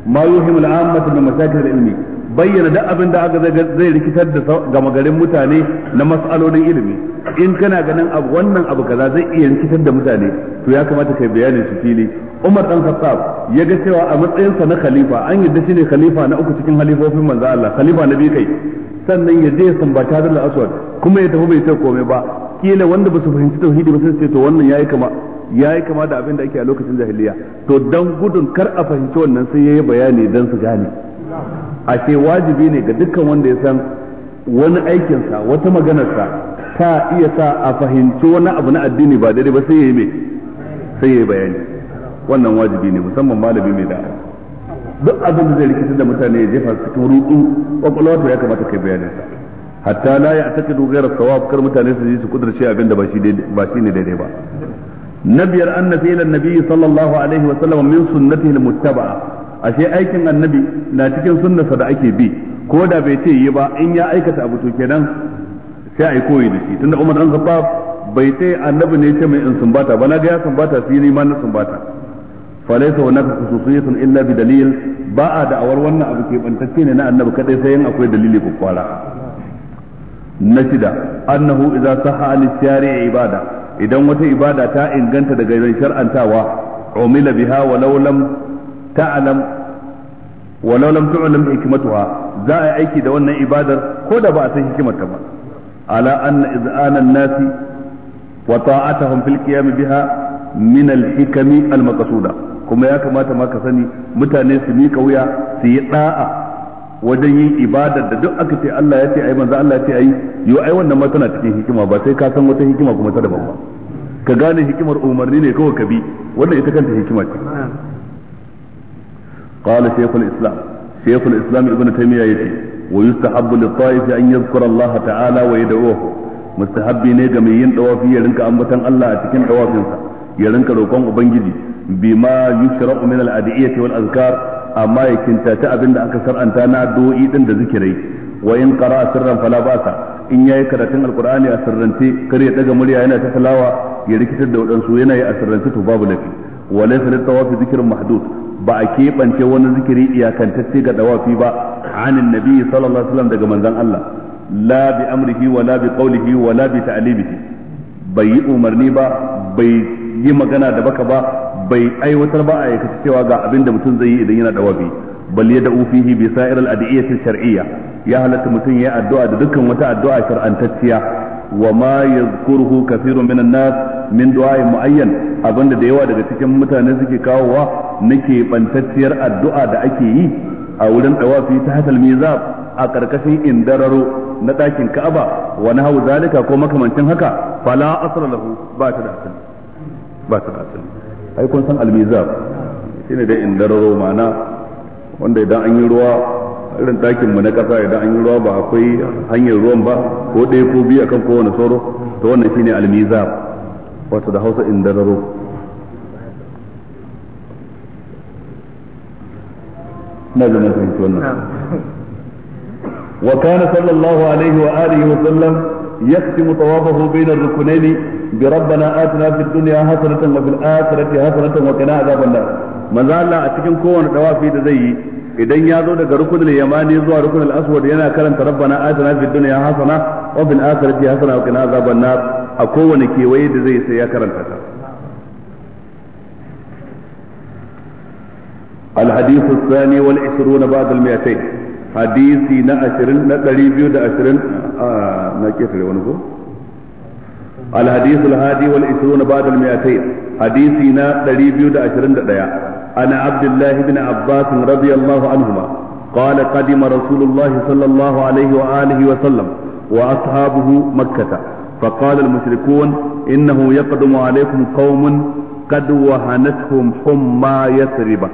ma yuhimu ammatu min masakil al-ilmi bayyana duk abin da aka zai rikitar da gama garin mutane na mas'alolin ilimi in kana ganin abu wannan abu kaza zai iya rikitar da mutane to ya kamata kai bayanin su fili Umar dan Khattab ya ga cewa a matsayinsa na khalifa an yadda shine khalifa na uku cikin halifofin manzo Allah khalifa na biyu kai sannan ya je ya sambata da aswad kuma ya tafi bai ce komai ba kila wanda ba su fahimci tauhidi ba sai ce to wannan yayi kama yayi kama da abin da ake a lokacin jahiliya to dan gudun kar a fahimci wannan sai yayi bayani dan su gane a ce wajibi ne ga dukkan wanda ya san wani aikinsa wata maganarsa ta iya sa a fahimci wani abu na addini ba daidai ba sai ya yi mai sai ya yi bayani wannan wajibi ne musamman malami mai da'a duk abin da zai rikita da mutane ya jefa cikin rudu kwakwalwa ya kamata kai bayanin sa hatta la ya take dogara sawab kar mutane su ji su kudurce abin da ba shi ba shi ne daidai ba nabiyar annabi ila nabi sallallahu alaihi wa sallam min sunnatihi al-muttaba'a ashe aikin annabi na cikin sunnarsa da ake bi ko da bai ce yi ba in ya aikata abu to kenan sai a yi koyi da shi tunda Umar dan Khattab bai ce annabi ne ce mai in sumbata ba na ga ya sumbata sai ni ma na sumbata falaysa hunaka khususiyatun illa bi dalil ba a da'awar wannan abu keɓantacce ne na annabi kadai sai yin akwai dalili kwakwara na shida annahu idza saha al-shari'i ibada idan wata ibada ta inganta daga shar'antawa umila biha walau lam ta'lam walau lam tu'lam hikmatuha za a yi aiki da wannan ibadar ko da ba a san hikimarta ba ala anna iz'ana nasi wa ta'atuhum fil qiyam biha min hikami al kuma ya kamata ma ka sani mutane su mika wuya su yi da'a wajen yin ibadar da duk aka ce Allah ya ce ayi manzo Allah ya ce ayi yo ai wannan ma tana cikin hikima ba sai ka san wata hikima kuma ta daban ba ka gane hikimar umarni ne kawai ka bi wannan ita kanta hikima ce qala shaykhul islam shaykhul islam ibnu taymiya yace wa yustahabbu lit-ta'if an yadhkura Allah ta'ala wa yad'uhu mustahabbi ne ga mai yin dawafi ya rinka ambatan Allah a cikin dawafinsa ya rinka roƙon ubangiji bima yushra'u min al-adiyati wal azkar amma ya kintace abinda aka sar'anta na addu'o'i din da zikirai wa in qara'a sirran fala ba'sa in yayi karatun al'kur'ani a sirrance karya ya daga murya yana ta salawa ya rikitar da wadansu yana yi a sirrance to babu lafi wa laysa lit-tawafi dhikrun mahdud ba a keɓance wani zikiri iyakantacce ga ɗawafi ba anin nabi sallallahu alaihi wasallam daga manzon Allah labi bi amrihi wa la bi wa la bi bai yi umarni ba bai yi magana da baka ba bai aiwatar ba a aikace cewa ga abin da mutum zai yi idan yana dawafi bal yad'u fihi bi sa'ir al-adiyyati shar'iyya ya halatta mutum ya yi addu'a da dukkan wata addu'a shar'antacciya wa ma yadhkuruhu kathirun minan nas min du'a'i muayyan abinda da yawa daga cikin mutane suke kawowa nake bantacciyar addu'a da ake yi a wurin tawafi ta hasal mizab a karkashin indararo na ɗakin Ka'aba wa na hawu zalika ko makamancin haka fala asra lahu ba ta da asali ba ta da asali ai kun san al-mizab shine da indararo ma'ana wanda idan an yi ruwa irin ɗakin mu na ƙasa idan an yi ruwa ba akwai hanyar ruwan ba ko ɗaya ko biyu akan kowane sauro to wannan shine mizab wato da hausa in dararo na da na fahimci wannan wa sallallahu alaihi wa wa sallam yaktimu tawafahu bayna ar-rukunayn bi rabbana atina fid dunya hasanatan wa fil akhirati hasanatan wa qina adhaban nar a cikin kowane dawafi da zai yi idan ya zo daga rukunin yamani zuwa rukunin aswad yana karanta rabbana atina a kowane kewaye da zai sai ya karanta ta الحديث الثاني والعشرون بعد المئتين حديثي نا عشرين نا دريبيو دا عشرين آه نا كيف لونكو الحديث الهادي والعشرون بعد المئتين حديثي نا دريبيو دا عشرين دا ديا أنا عبد الله بن عباس رضي الله عنهما قال قدم رسول الله صلى الله عليه وآله وسلم وأصحابه مكة فقال المشركون إنه يقدم عليكم قوم قد وهنتهم حمى يثرب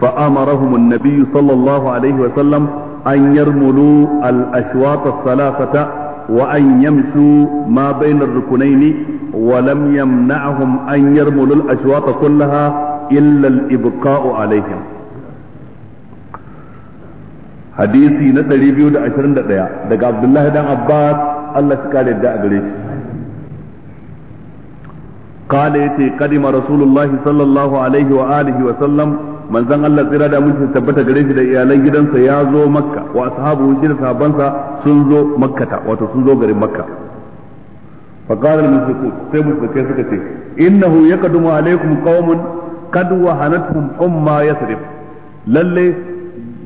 فأمرهم النبي صلى الله عليه وسلم أن يرملوا الأشواط الثلاثة وأن يمشوا ما بين الركنين ولم يمنعهم أن يرملوا الأشواط كلها إلا الإبقاء عليهم حديثي نتري بيود عشرين دقيقة دقى عبد الله بن عباس Allah shi da yadda a gare shi. Kale ya ce, Kadima Rasulullah sallallahu Alaihi wa alihi wa sallam, manzan Allah tsira da mun tabbata gare shi da iyalan gidansa ya zo makka, wa sahabu shi da sahabansa sun zo makkata, wato sun zo garin makka. Fakar al-Musuku sai musuke suka ce, Innahu ya kaduma alaikum kawamun kaduwa hanatun umma ya sarif. Lalle,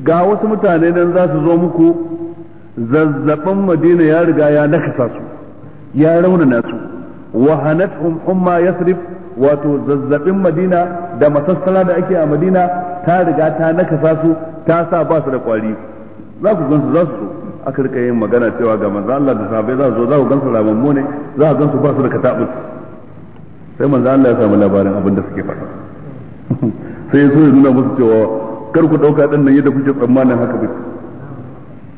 ga wasu mutane nan za su zo muku zazzaban madina ya riga ya nakasa su ya raunana su wa hanathum umma yasrif wato zazzabin madina da masassala da ake a madina ta riga ta nakasa su ta sa ba su da kwari za ku gansu za su zo aka rika yin magana cewa ga manzo Allah da sahabbai za su zo za ku gansu ramammu ne za ku gansu ba su da katabus sai manzo Allah ya samu labarin abin da suke faɗa [LAUGHS] sai ya so ya nuna musu cewa kar ku dauka dan nan yadda kuke tsammanin haka bace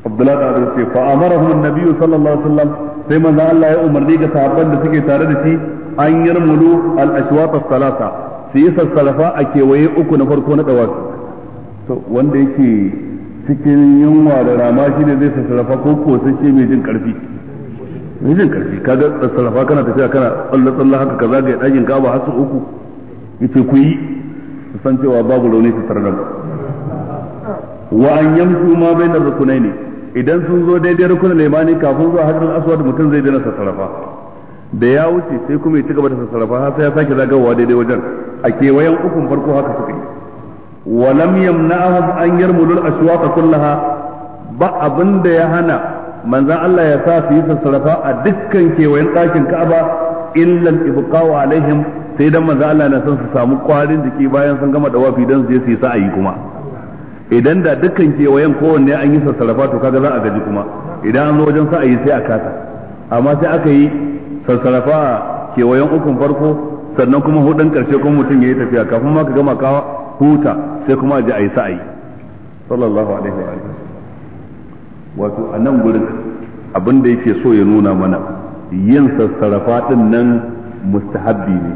Abdullah da Abu ce fa amarahu an-nabi sallallahu alaihi wasallam sai manzo Allah ya umarni ga sahabban da suke tare da shi an yarmulu al-ashwat as-salasa su yi sassarfa a kewaye uku na farko na dawaki to wanda yake cikin yunwa da rama shi ne zai sassarfa ko ko sai shi mai jin karfi mai jin karfi kaga sassarfa kana tafiya kana tsalle tsalle haka kaza ga dakin gaba har su uku yace ku yi su san cewa babu rauni su tare da mu wa an yamsu ma bainar rukunaini idan sun zo daidai rukunin limani kafin zuwa hajarul aswad mutum zai dena sassarafa da ya wuce sai kuma ya ci gaba da sassarafa har sai ya sake zagawa daidai wajen a kewayen ukun farko haka suka yi wa yamna'ahum an yarmulul aswaq kullaha ba abinda ya hana manzan Allah ya sa su yi sassarafa a dukkan kewayen ɗakin Ka'aba illa ibqa ibqau alaihim sai dan manzan Allah na san su samu kwarin jiki bayan sun gama dawafi dan su je su yi sa'ayi kuma idan da dukkan kewayen kowanne an yi sassarafa to kaga za a gaji kuma idan an zo wajen sa a yi sai a kasa amma sai aka yi sassarafa a kewayen ukun farko sannan kuma hudun karshe kuma mutum ya yi tafiya kafin ma ka gama kawa huta sai kuma a ji a yi sa'ayi sallallahu alaihi wa wato a nan gurin abin da yake so ya nuna mana yin sassarafa din nan mustahabbi ne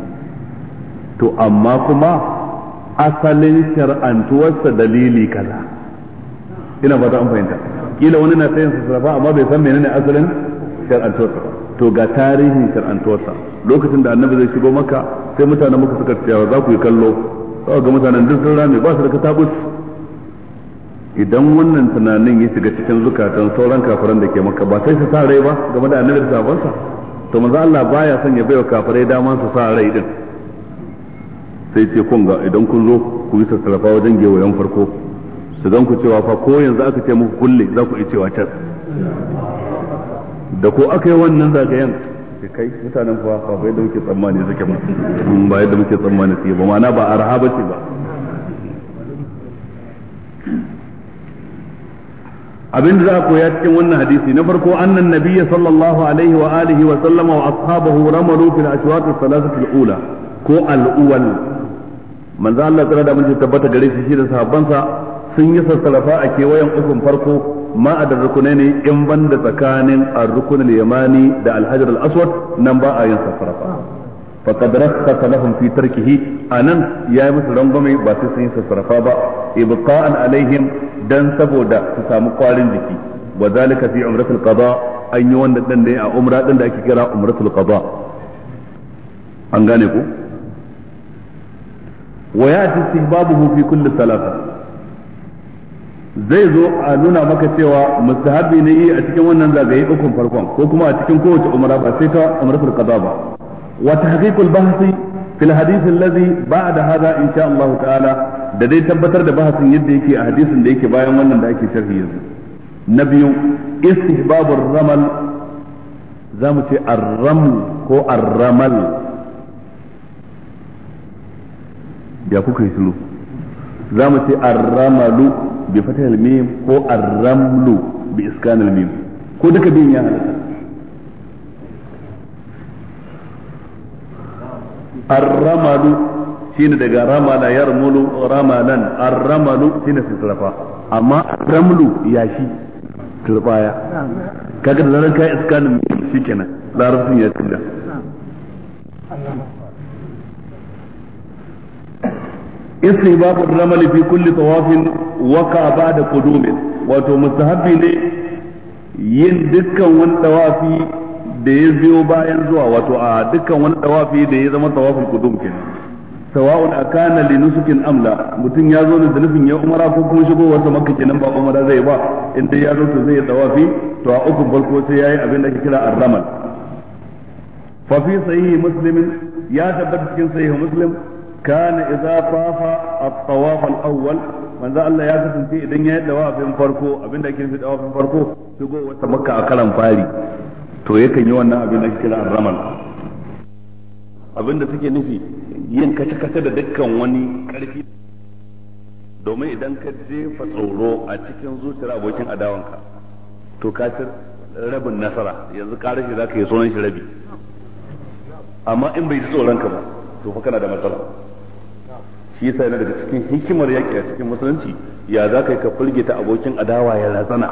to amma kuma asalin shar'antuwarsa dalili kaza ina fata an fahimta kila wani na sayin sarrafa amma bai san menene asalin shar'antuwarsa to ga tarihin shar'antuwarsa lokacin da annabi zai shigo maka sai mutanen maka suka tsaya za ku yi kallo za ga mutanen duk sun rame ba su da katabus idan wannan tunanin ya shiga cikin zukatan sauran kafiran da ke maka ba sai su sa rai ba game da annabi da sabansa to manzo Allah baya son ya baiwa kafirai daman su sa rai din sai ce kun ga idan kun zo ku yi sassarafa wajen gewayen farko su zan ku cewa fa ko yanzu aka ce muku kulle za ku yi cewa can da ko aka yi wannan zagayen ke kai mutanen fa ba yadda muke tsammani suke ba ba yadda muke tsammani suke ba ma'ana ba arha ba ce ba abin da za a koya cikin wannan hadisi na farko annan nabiyya sallallahu alaihi wa alihi wa sallama wa ashabahu ramalu fil ashwaq as-salasati al-ula ko al-awwal manzo Allah tsara da mun tabbata gare shi shi da sahabbansa sun yi sassarafa a kewayen ukun farko ma a da rukunai ne in ban da tsakanin ar-rukun al-yamani da al-hajar al-aswad nan ba a yin sassarafa faqad rakhasa lahum fi tarkihi anan yayi musu rangwame ba sai sun yi sassarafa ba ibqa'an alaihim dan saboda su samu kwarin jiki wa zalika fi umratul qada an yi wannan dan ne a umra din da ake kira umratul qada an gane ku wa ya'ti babu hufi kullum salata zai zo a nuna maka cewa mustahabi ne yi a cikin wannan zagaye ukun farkon ko kuma a cikin kowace umara ba sai ta umaratul qada ba wa tahqiqul bahsi fil hadith alladhi ba'da hadha insha Allah ta'ala da dai tabbatar da bahasin yadda yake a hadisin da yake bayan wannan da ake sharhi yanzu na biyu istihbabur ramal zamu ce arram ko arramal ramal ya kuka yi sulu za mu ce arramalu bi fatahil mim ko arramlu bi iskanil mim ko duka biyun ya halatta arramalu shine daga ramala yarmulu ramalan arramalu shine sarrafa amma ramlu ya shi turbaya kaga da zaran ka iskanin shikenan larabcin ya tsira istibab الرمل في كل طواف وقع بعد قدوم qudumin wato mustahabbi yin dukkan wani tawafi da ya biyo bayan zuwa wato a dukkan wani tawafi da ya zama tawafin qudum kenan sawa'un akana li nusukin amla mutum ya zo ne da nufin ya umara ko kuma shigo wata makka kenan ba umara zai ba in dai ya zo to zai tawafi to a uku farko sai yayi abin da ake kira ar-ramal fa fi sahihi muslimin ya tabbata cikin sahihi muslim kana idza tafa at-tawaf al-awwal manzo Allah ya kasance idan ya yi dawafin farko abinda ake nufi dawafin farko shigo wata makka a kalan fari to yakan yi wannan abin da kira ramal abinda suke nufi yin kashakata da dukkan wani karfi domin idan ka jefa tsoro a cikin zuciyar abokin adawanka to ka ci rabin nasara yanzu ka rashi za ka yi sonan shi rabi amma in bai ji tsoronka ba to fa kana da matsala shi yasa yana daga cikin hikimar yaƙi a cikin musulunci ya za ka yi ka firgita abokin adawa ya razana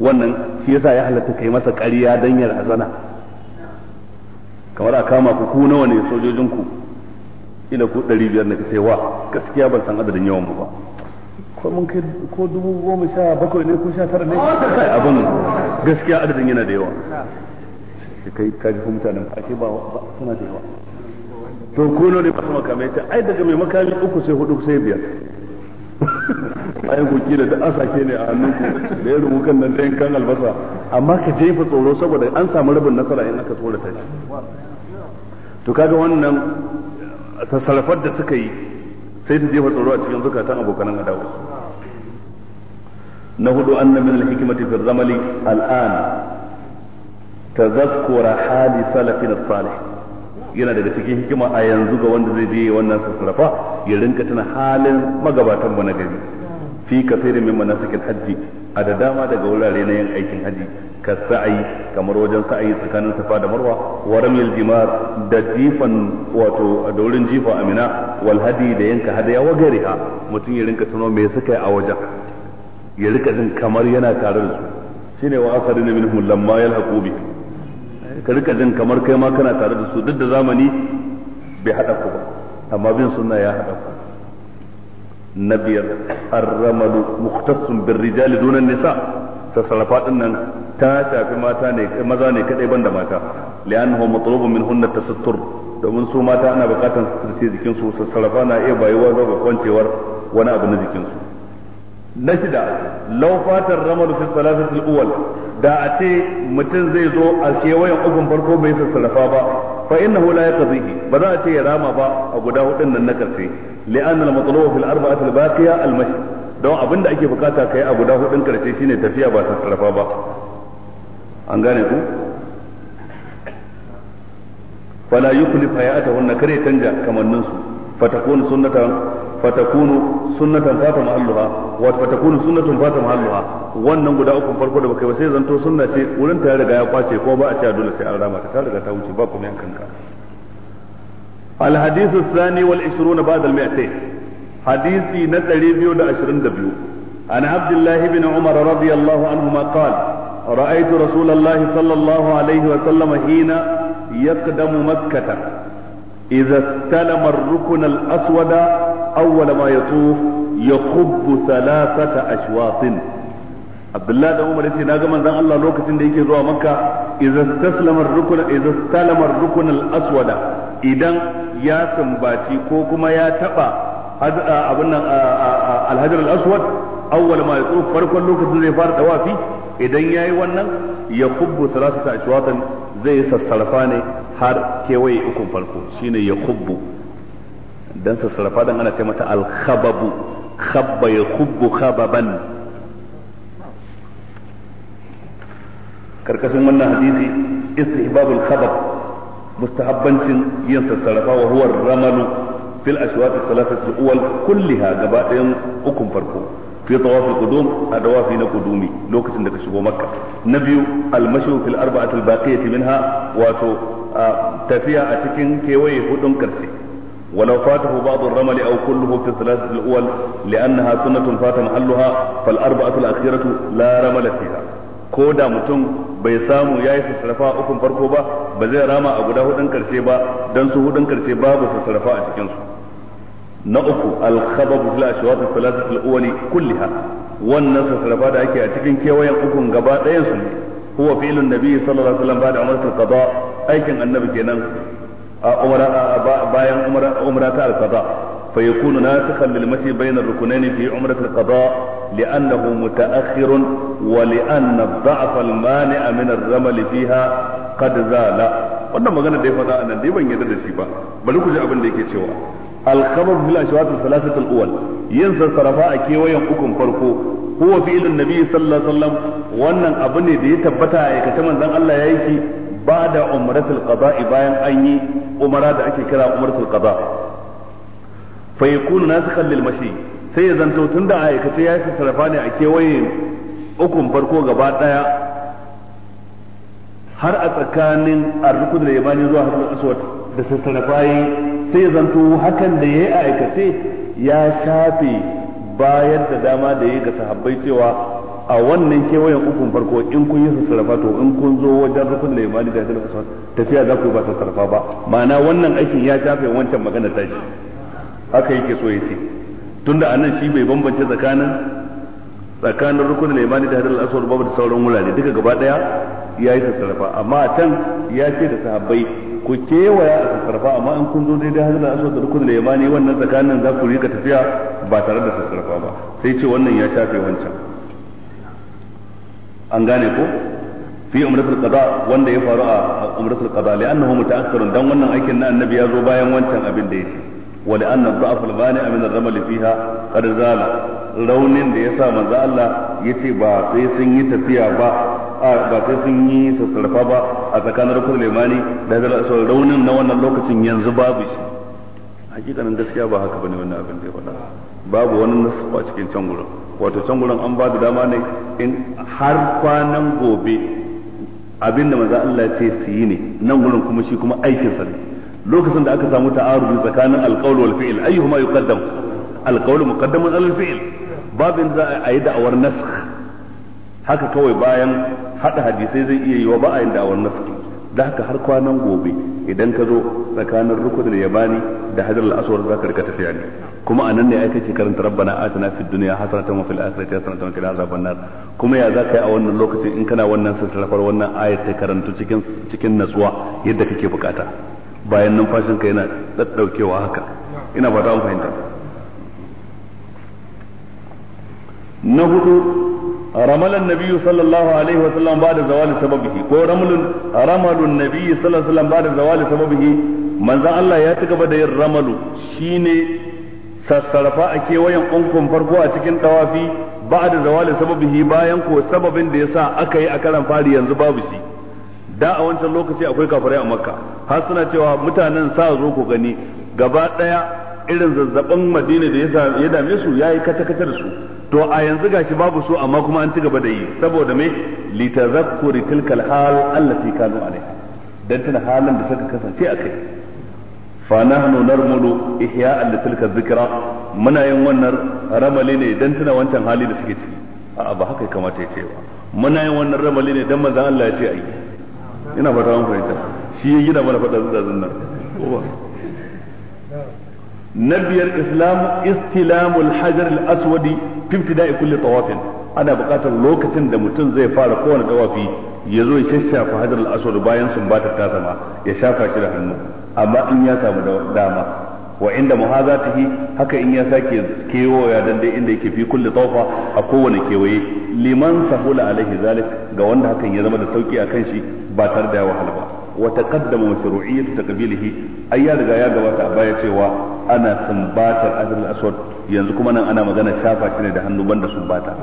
wannan shi yasa ya halatta kai masa ƙarya don ya razana kamar a kama ku ku nawa ne sojojin ku ila ku ɗari biyar na ka ce wa gaskiya ban san adadin yawan mu ba ko mun kai ko dubu goma sha bakwai ne ko sha tara ne kai abin gaskiya adadin yana da yawa kai kaji ko mutanen ake ba suna da yawa to ko ne kama makamai ce ai daga mai makami uku sai hudu sai biyar [LAUGHS] ai ku kila da an sake ne a ku da ya rubu kan nan da kan albasa amma ka jefa tsoro saboda an samu rabin nasara in aka tsora ta shi to kaga wannan sassarfar da suka yi sai ta jefa tsoro a cikin zukatan abokan adawa na hudu anna min al-hikmati fi zamali al'an tazakkura hali salafin salih yana daga cikin hikima a yanzu ga wanda zai je wannan sassarafa ya rinka tana halin magabatan mu na gari fi ka kasirin min manasikin hajji a da dama daga wurare na yin aikin hajji ka sa'ayi kamar wajen sa'ayi tsakanin safa da marwa wa ramil jimar da jifan wato da wurin jifa amina walhadi da yanka hadaya wa gariha mutum ya rinka tuno me suka yi a wajen ya rika jin kamar yana tare da su shine wa asarin minhum lamma yalhaqu bihi ka rika jin kamar kai ma kana tare da su duk da zamani bai haɗa ku ba amma bin sunna ya haɗa ku na biyar arramalu muhtassun bin rijali dunan nisa sassarfa din nan ta shafi mata ne maza ne kadai banda mata li'annahu matlubun min hunna tasattur domin su mata ana bukatan suturce jikin su sassarfa na iya bayuwa ga kwancewar wani abu na jikin su na shida law fatar ramalu fi salasatil awwal da a ce mutum zai zo a kewayen ukun farko bai sassarafa ba fa innahu la yaqdihi ba za a ce ya rama ba a guda hudun nan na karshe li'anna al-matlubu fil arba'ati al-baqiya al-mashy don abin da ake bukata kai a guda hudun karshe shine tafiya ba sassarafa ba an gane ku fala yuklif hayatahu na kare canja kamannin su fatakun sunnatan فتكون سنة فات محلها وتكون سنة فات محلها wannan guda uku farko da bakai yi sai zanto sunna ce wurin ta riga ya kwace ko ba a ce dole sai an rama ta ta riga ta wuce ba kuma yankan ka al hadithu thani wal 20 ba'da al 200 hadisi na 222 an abdullah ibn umar radiyallahu anhu ma qal ra'aytu رأيت sallallahu الله wa sallam hina yaqdamu حين يقدم مكة إذا استلم الركن الأسود awwala ma yatuf yakhubbu thalathata ashwatin Abdullah da Umar yace naga manzon Allah lokacin da yake zuwa Makka idza taslama ar idan ya sambaci ko kuma ya taɓa abin nan al aswad awwal ma yatuf farkon lokacin da zai fara tawafi idan yayi wannan ya kubbu thalathata ashwatan zai sassarfa ne har kewaye ukun farko shine ya kubbu dan sassarfa dan ana ce mata al-khababu khabba yakhubbu khababan karkashin wannan hadisi istihbabul khabab mustahabbancin yin sassarfa wa huwa ramalu fil ashwat as-salasat al-awwal kullaha gaba ɗayan ukun farko fi tawaf al-qudum a dawafi na qudumi lokacin da ka shigo makka na biyu al-mashu fil arba'ati al-baqiyati minha wato tafiya a cikin kewaye hudun karshe ولو فاته بعض الرمل أو كله في الثلاثة الأول لأنها سنة فات محلها فالأربعة الأخيرة لا رمل فيها ko da mutum bai samu ya yi sassarafa ukun farko ba ba zai rama a guda hudun karshe ba don su hudun karshe babu sassarafa a cikinsu na uku alkhababu fil ashwat thalathah al-awwali kulliha wannan sassarafa da ake a cikin kewayen ukun gaba ɗayan su ne huwa ba'da aikin annabi kenan bayan umra ta alqada fa yakunu nasikhan lil mashi bayna ar-rukunayn fi umrat al-qada li'annahu muta'akhkhirun wa li'anna ad-da'f al-mani'a min ar-ramal fiha qad zala wannan magana da ya faɗa anan dai ban yarda da shi ba bari ku ji abin da yake cewa al-khabar fil ashwat al-thalathah al-awwal yin sassarafa a kewayen ukun farko huwa fi'lun nabi sallallahu alaihi wasallam wannan abu ne da ya tabbata a aikata manzon Allah yayi shi ba'da umratul qada bayan an yi umara da ake kira umratul qada fa yakunu nasikhan lil mashi sai ya zanto tunda aikace ya sarrafa ne a kewaye ukun farko gaba daya har a tsakanin arrukud da yabani zuwa har aswad da sarrafai sai ya zanto hakan da yayi aikace ya shafe bayar da dama da yayi ga sahabbai cewa a wannan kewayen ukun farko in kun yi sassarafa to in kun zo wajen rukun da imani da hadin kusa tafiya za ku ba sassarafa ba ma'ana wannan aikin ya shafe wancan magana ta shi haka yake so ya ce tunda anan shi bai bambance tsakanin tsakanin rukun da imani da hadin aswad babu da sauran wurare duka gaba daya ya yi sassarafa amma a can ya ce da sahabbai ku kewaya a sassarafa amma in kun zo daidai hadin aswad da rukun da imani wannan tsakanin za ku rika tafiya ba tare da sassarafa ba sai ce wannan ya shafe wancan an gane ko fi umratul qada wanda ya faru a umratul qada annahu mutaakkirun dan wannan aikin na annabi ya zo bayan wancan abin da yake wa anna dha'f al-bani min ar-ramal fiha qad zala raunin da yasa manzo Allah yace ba sai sun yi tafiya ba ba sai sun yi sassarfa ba a tsakanin rukun limani da raunin na wannan lokacin yanzu babu shi hakikanin gaskiya ba haka bane wannan abin da ya faɗa babu wani nasu a cikin can gurin wato can gurin an ba da dama ne In har kwanan gobe abinda maza Allah ce su yi ne nan gurin kuma shi kuma aikin sa ne lokacin da aka samu ta'arudi tsakanin alqaul wal fi'l ayyuhuma yuqaddam alqaul muqaddam al-fi'l babin za a yi da'awar nasakh haka kawai bayan hada hadisai zai iya yi wa ba yin da'awar nasakh da haka har kwanan gobe idan ka zo tsakanin rukunin yabani da hajar al za ka rika tafiya ne kuma a nan ne ai kake karanta rabbana atina fid dunya hasanatan wa fil akhirati hasanatan wa qina azaban nar kuma ya za ka yi a wannan lokacin in kana wannan sassarfar wannan ayat ta karanta cikin cikin natsuwa yadda kake bukata bayan numfashin ka yana daddaukewa haka ina fata an fahimta na hudu رمل النبي صلى الله عليه وسلم بعد زوال سببه ورمل رمل النبي صلى الله عليه وسلم بعد زوال سببه manzan Allah ya ci gaba da yin ramalu shine sassarfa a kewayen unkun farko a cikin ɗawafi ba da zawali yi bayan ko sababin da sa aka yi a karan fari yanzu babu shi da a wancan lokaci akwai kafirai a makka har suna cewa mutanen sa zo ku gani gaba daya irin zazzabin madina da ya dame su ya yi kata-kata da su to a yanzu gashi babu su amma kuma an ci gaba da yi saboda me litazakkuri tilkal hal allati kanu alaiha dan tana halin da suka kasance a kai fa nahnu narmulu ihya'an li tilka wannan ramali ne dan tuna wancan hali da suke ciki a'a ba haka kamata ya ce ba muna wannan ramali ne dan manzon Allah ya ce ai ina fata an fahimta shi ya gina mana fada zazazin na biyar islam istilamul hajar al fiftida fi ibtida'i kulli ana buƙatar lokacin da mutum zai fara kowane tawafi ya zo ya shashafa hajar al bayan sun ta tasama ya shafa da hannu amma in ya samu dama wa inda muhazatihi haka in ya sake kewoya dan dai inda yake fi kulli tawfa a kowane kewaye liman sahula alaihi zalik ga wanda hakan ya zama da sauki akan shi ba tare da wahala ba wa taqaddama mashru'iyyatu taqbilihi ai ya riga ya gabata a baya cewa ana sumbatar adal aswad yanzu kuma nan ana magana shafa shi ne da hannu banda sumbata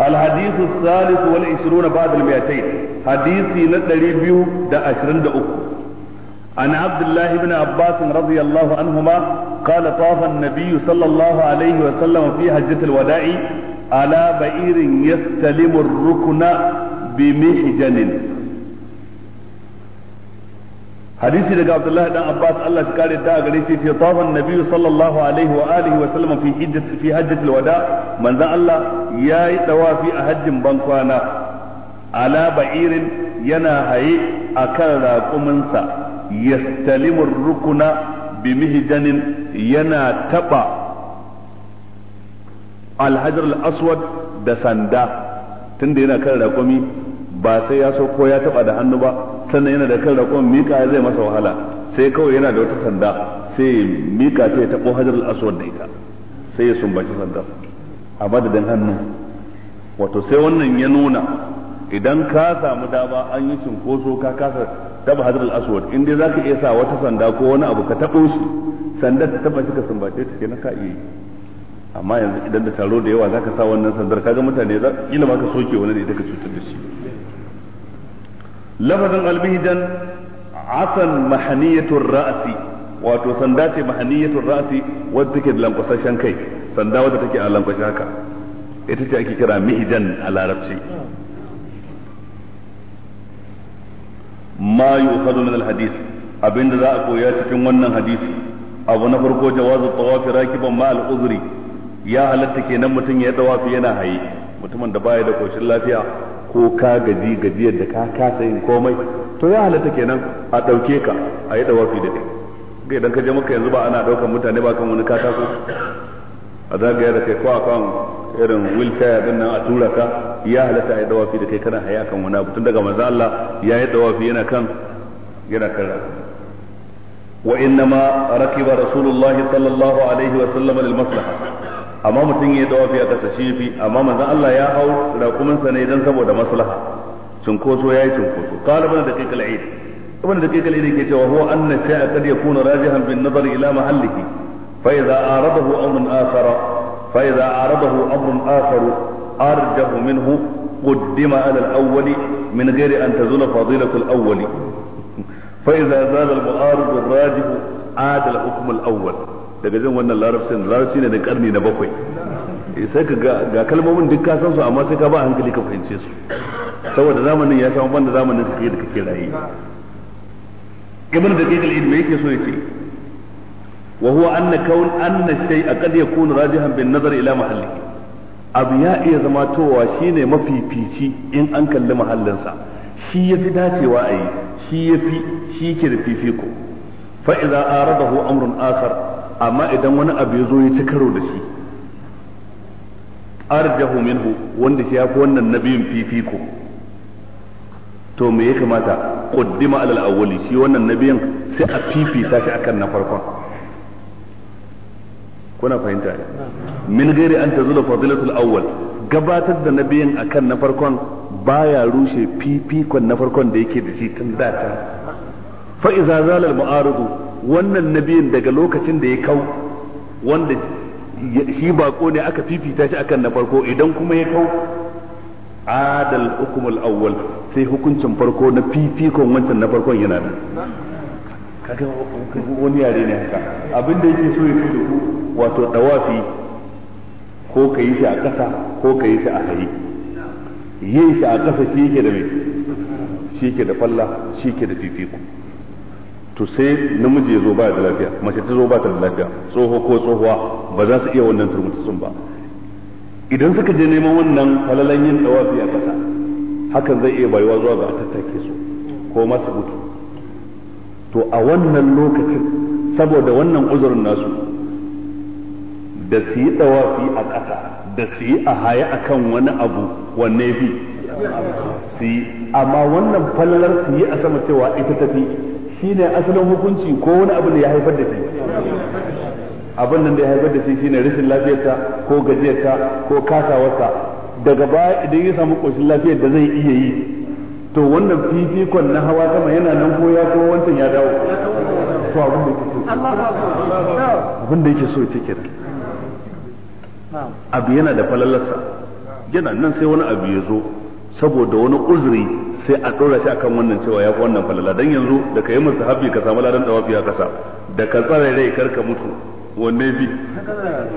الحديث الثالث والعشرون بعد المئتين حديثي ندري بيو دا عشرين دا أكو عن عبد الله بن عباس رضي الله عنهما قال طاف النبي صلى الله عليه وسلم في حجة الوداع على بئر يستلم الركن بمحجن hadisi daga Abdullahi dan Abbas Allah shi kare ta gare shi ce tafan Nabi sallallahu alaihi wa alihi wa sallam fi hijjat wada manzon Allah yayi dawafi a hajjin bankwana ala ba'irin yana haye akan raƙuminsa yastalimin rukuna bi mihjanin yana taba alhajar al-aswad da sanda tunda yana kan raƙumi ba sai ya so ko ya taɓa da hannu ba sannan yana da kan raƙon mika zai masa wahala sai kawai yana da wata sanda sai mika ta ya taɓo hajar al da ita sai ya sumbaci sandar a madadin hannu wato sai wannan ya nuna idan ka samu dama an yi cinkoso ka kasa ta hadar al-aswad in dai zaka iya sa wata sanda ko wani abu ka tabo shi sanda ta taba shi ka sumbace ta kenan ka iya amma yanzu idan da taro da yawa zaka sa wannan sandar kaga mutane za kila ma ka soke wani da ka cutar da shi lafazan albihdan asan mahaniyatur ra'si wato sanda ce mahaniyatur ra'si wadda take da lankwasashen kai sanda wadda take a lankwashe haka ita ce ake kira mihijan a larabci ma yu'khadhu min al-hadith abinda za a koya cikin wannan hadis, abu na farko jawazu tawafi rakiban ma al-uzri ya halatta kenan mutum ya tawafi yana haye mutumin da baya da koshin lafiya ko ka gaji gajiyar da ka kasa yin komai to ya halatta kenan a ɗauke ka a yi tawafi da kai idan ka je maka yanzu ba ana ɗaukar mutane ba kan wani katako a zagaya da kai ko akan irin wheelchair din nan a tura ka ya halatta a yi dawafi da kai kana haya kan wani abu tun daga manzo Allah ya yi dawafi yana kan yana kan wa innama rakiba rasulullah sallallahu alaihi wa sallam lil maslaha amma mutum ya dawafi a kasa shi fi amma manzo Allah ya hau raƙumin sa ne dan saboda maslaha cinkoso yayi cinkoso qala da kai kal'id ibn da kai kal'id yake cewa huwa anna shay'a qad yakuna rajihan bin nazar ila mahallihi فإذا أعرضه أمر آخر فإذا أعرضه أمر آخر أرجه منه قدم على الأول من غير أن تزول فضيلة الأول فإذا زال المعارض الراجح عاد الحكم الأول daga jin wannan larabcin larabci ne na karni na bakwai eh, sai ka ga kalmomin duk ka san su amma sai ka ba hankali ka fahimce su saboda zamanin ya sha banda zamanin kake da kake raye ibn daqiq al-ilmi yake so ya ce. wa huwa anna kaun anna shay'a qad yakunu rajihan bin ila abu ya iya zama towa shine mafifici in an kalli mahallinsa shi fi dacewa a yi shi fi shi ke da fifiko fa idza aradahu amrun akhar amma idan wani abu ya zo ya ci karo da shi arjahu minhu wanda shi fi wannan nabiyin fifiko to me ya kamata qaddima alal awwali shi wannan nabiyin sai a fifita shi akan na farkon kuna fahimta ne min gairi an zula fadilatul awwal gabatar da nabiyin akan na farkon baya rushe fifikon na farkon da yake da shi tun da ta fa iza zala al mu'aridu wannan nabiyin daga lokacin da ya kau wanda shi bako ne aka fifita shi akan na farko idan kuma ya kau adal hukumul awwal sai hukuncin farko na fifikon wancan na farkon yana da. kaga wani yare ne haka abin da yake so ya ce da ku wato dawafi ko ka yi shi a ƙasa ko ka yi shi a hayi yin shi a ƙasa shi yake da mai shi yake da falla shi yake da fifiko to sai namiji ya zo ba da lafiya mace ta zo ba ta da lafiya tsoho ko tsohuwa ba za su iya wannan turmutsun ba idan suka je neman wannan falalan yin dawafi a ƙasa hakan zai iya bayuwa zuwa ga a tattake su ko masu mutu to a wannan lokacin saboda wannan uzurin nasu da su yi tsawafi a ƙasa da su yi a haya a kan wani abu wanne fi su yi amma wannan fallar su yi a sama cewa ita tafi shine asalin hukunci ko wani abu da ya haifar da shi abin nan da ya haifar da shi shine rashin lafiyarta ko gajiyarta ko kasawarta daga baya idan ya samu ƙoshin lafiyar da zai iya yi to wannan fifikon na hawa sama yana nan ko ya ko wancan ya dawo to abin da yake so abin da yake so cikin abu yana da falalarsa yana nan sai wani abu ya zo saboda wani uzuri sai a ɗora shi akan wannan cewa ya fi wannan falala dan yanzu da ka yi musu habi ka samu ladan tsawafi a kasa da ka tsare rai kar ka mutu wanne bi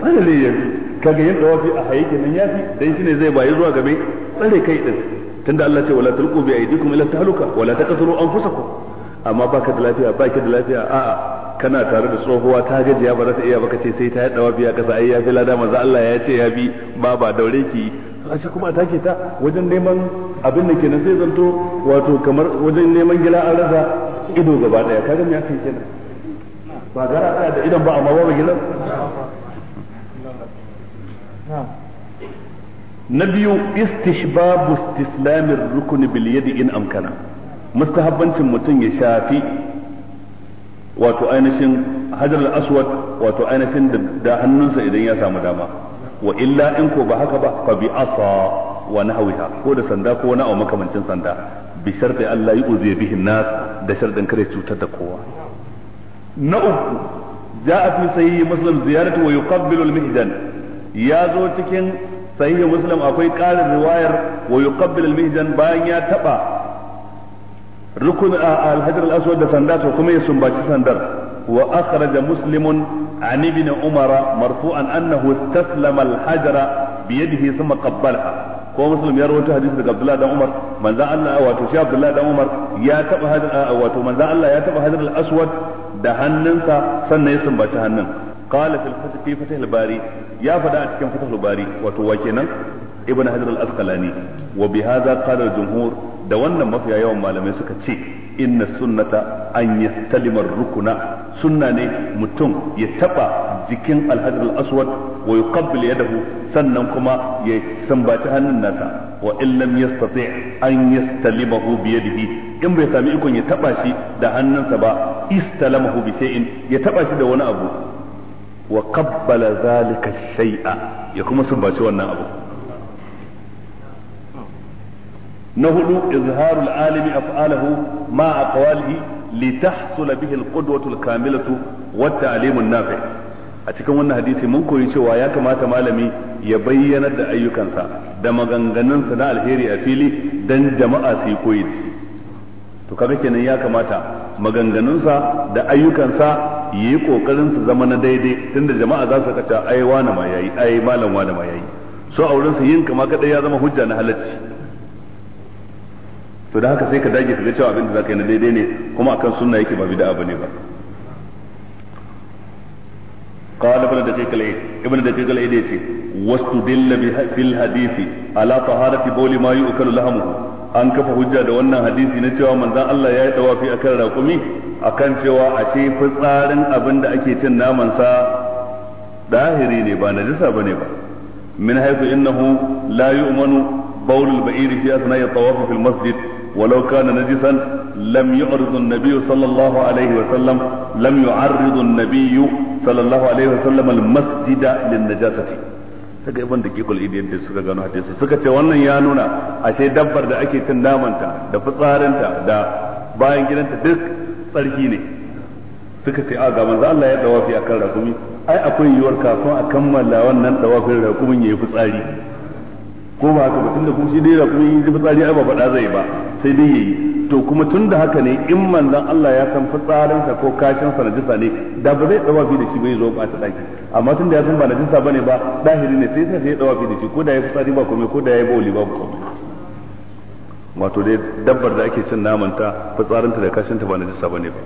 tsare rai ya bi kaga yin dawafi a haye nan ya fi dan shine zai bayi zuwa game tsare kai din tunda Allah ce wala tulqu bi aydikum ila tahluka wala taqtulu anfusakum amma baka da lafiya baki da lafiya a'a kana tare da tsohuwa ta gajiya ba za ta iya baka ce sai ta yaddawa biya kasa ai ya fi lada manzo Allah ya ce ya bi ba ba daure ki ashe kuma a take ta wajen neman abin da kenan sai zanto wato kamar wajen neman gila an rasa ido gaba daya kaga me yake kenan ba gara da idan ba amma ba gilan na biyu istihbabu istislamin rukuni bil yadi in amkana mustahabbancin mutum ya shafi wato ainihin hajar aswad wato ainihin da hannunsa idan ya samu dama wa illa in ko ba haka ba fa bi asa wa nahwiha ko da sanda ko wani abu makamancin sanda bi sharti Allah yu'zi bihin nas da shartin kare cutar da kowa na uku ja'a fi sayyi muslim ziyaratu wa yuqabbilu al-mihjan ya zo cikin sahihin muslim akwai ƙarin riwayar wa yuqabbil al-mihjan bayan ya taba rukun al-hajar al-aswad da sanda to kuma ya sumbaci sandar wa akhraja muslimun an ibn umara marfu'an annahu istaslama alhajara hajara bi yadihi thumma qabbalaha ko muslim ya rawaito hadisi daga Abdullah dan Umar manzon Allah wato shi Abdullah dan Umar ya taba hadar wato manzon Allah ya taba hadar al-aswad da hannunsa sannan ya sumbaci hannun qala fil fath fi fath ya faɗa a cikin fath al bari wato wa kenan ibn hajar al asqalani wa bi hadha qala al jumhur da wannan mafiya yawan malamai suka ce inna sunnata an yastalima rukuna sunna ne mutum ya taba jikin alhajar al-aswad wa yuqabbil yadahu sannan kuma ya sambaci hannun nasa wa in lam yastati an yastalimahu bi yadihi in bai sami ikon ya taba shi da hannunsa ba istalamahu bi shay'in ya taba shi da wani abu wa kabbala zalika shay'a ya kuma sumbaci wannan abu na hudu izharul alimi af'alahu ma aqwalihi litahsul bihi alqudwatu alkamilatu wa ta'limu nafi a cikin wannan hadisi mun koyi cewa ya kamata malami ya bayyana da ayyukansa da maganganunsa na alheri a fili dan jama'a su da koyi to kaga kenan ya kamata maganganunsa da ayyukansa yi kokarin su zama na daidai tunda jama'a za su kaca ai wani ma yayi ai malam wani ma yayi so wurin su yin kama kadai ya zama hujja na halacci to da haka sai ka dage ka ga cewa abin da zaka yi na daidai ne kuma akan sunna yake ba bid'a bane ba قال ابن دقيق العيد ابن دقيق العيد يتي واستدل في الحديث على طهارة بول ما يؤكل لحمه an kafa hujja da wannan hadisi na cewa manzon Allah ya yi tawafi akan raƙumi akan cewa ashe fitsarin abin da ake cin naman sa dahiri ne ba najisa bane ba min haythu innahu la yu'manu bawl al-ba'ir fi asna'i at-tawaf fi al-masjid ولو كان نجسا لم يعرض النبي صلى الله عليه وسلم لم يعرض النبي صلى الله عليه وسلم المسجد suka yi banda kikul idiyar da suka gano hadisi suka ce wannan ya nuna ashe dabbar da ake cin namanta da fitsarinta da bayan gidanta duk tsarki ne suka ce a ga za Allah ya dawafi akan rakumi ai akwai yiwuwar kafin a kammala wannan dawafin rakumin yi fitsari ko ba haka ba da kuma shi dai rakumin yi fitsari ai ba faɗa zai ba sai dai ya yi. to kuma tun da haka ne in manzon Allah ya san fitsarinsa ko sa najisa ne da ba zai fi da shi bai zo ba ta daki amma tun da ya san ba najisa bane ba dahiri ne sai sai ya fi da shi ko da ya fitsari ba komai ko da ya bauli ba komai wato dai dabbar da ake cin namanta fitsarinta da kashinta ba najisa bane ba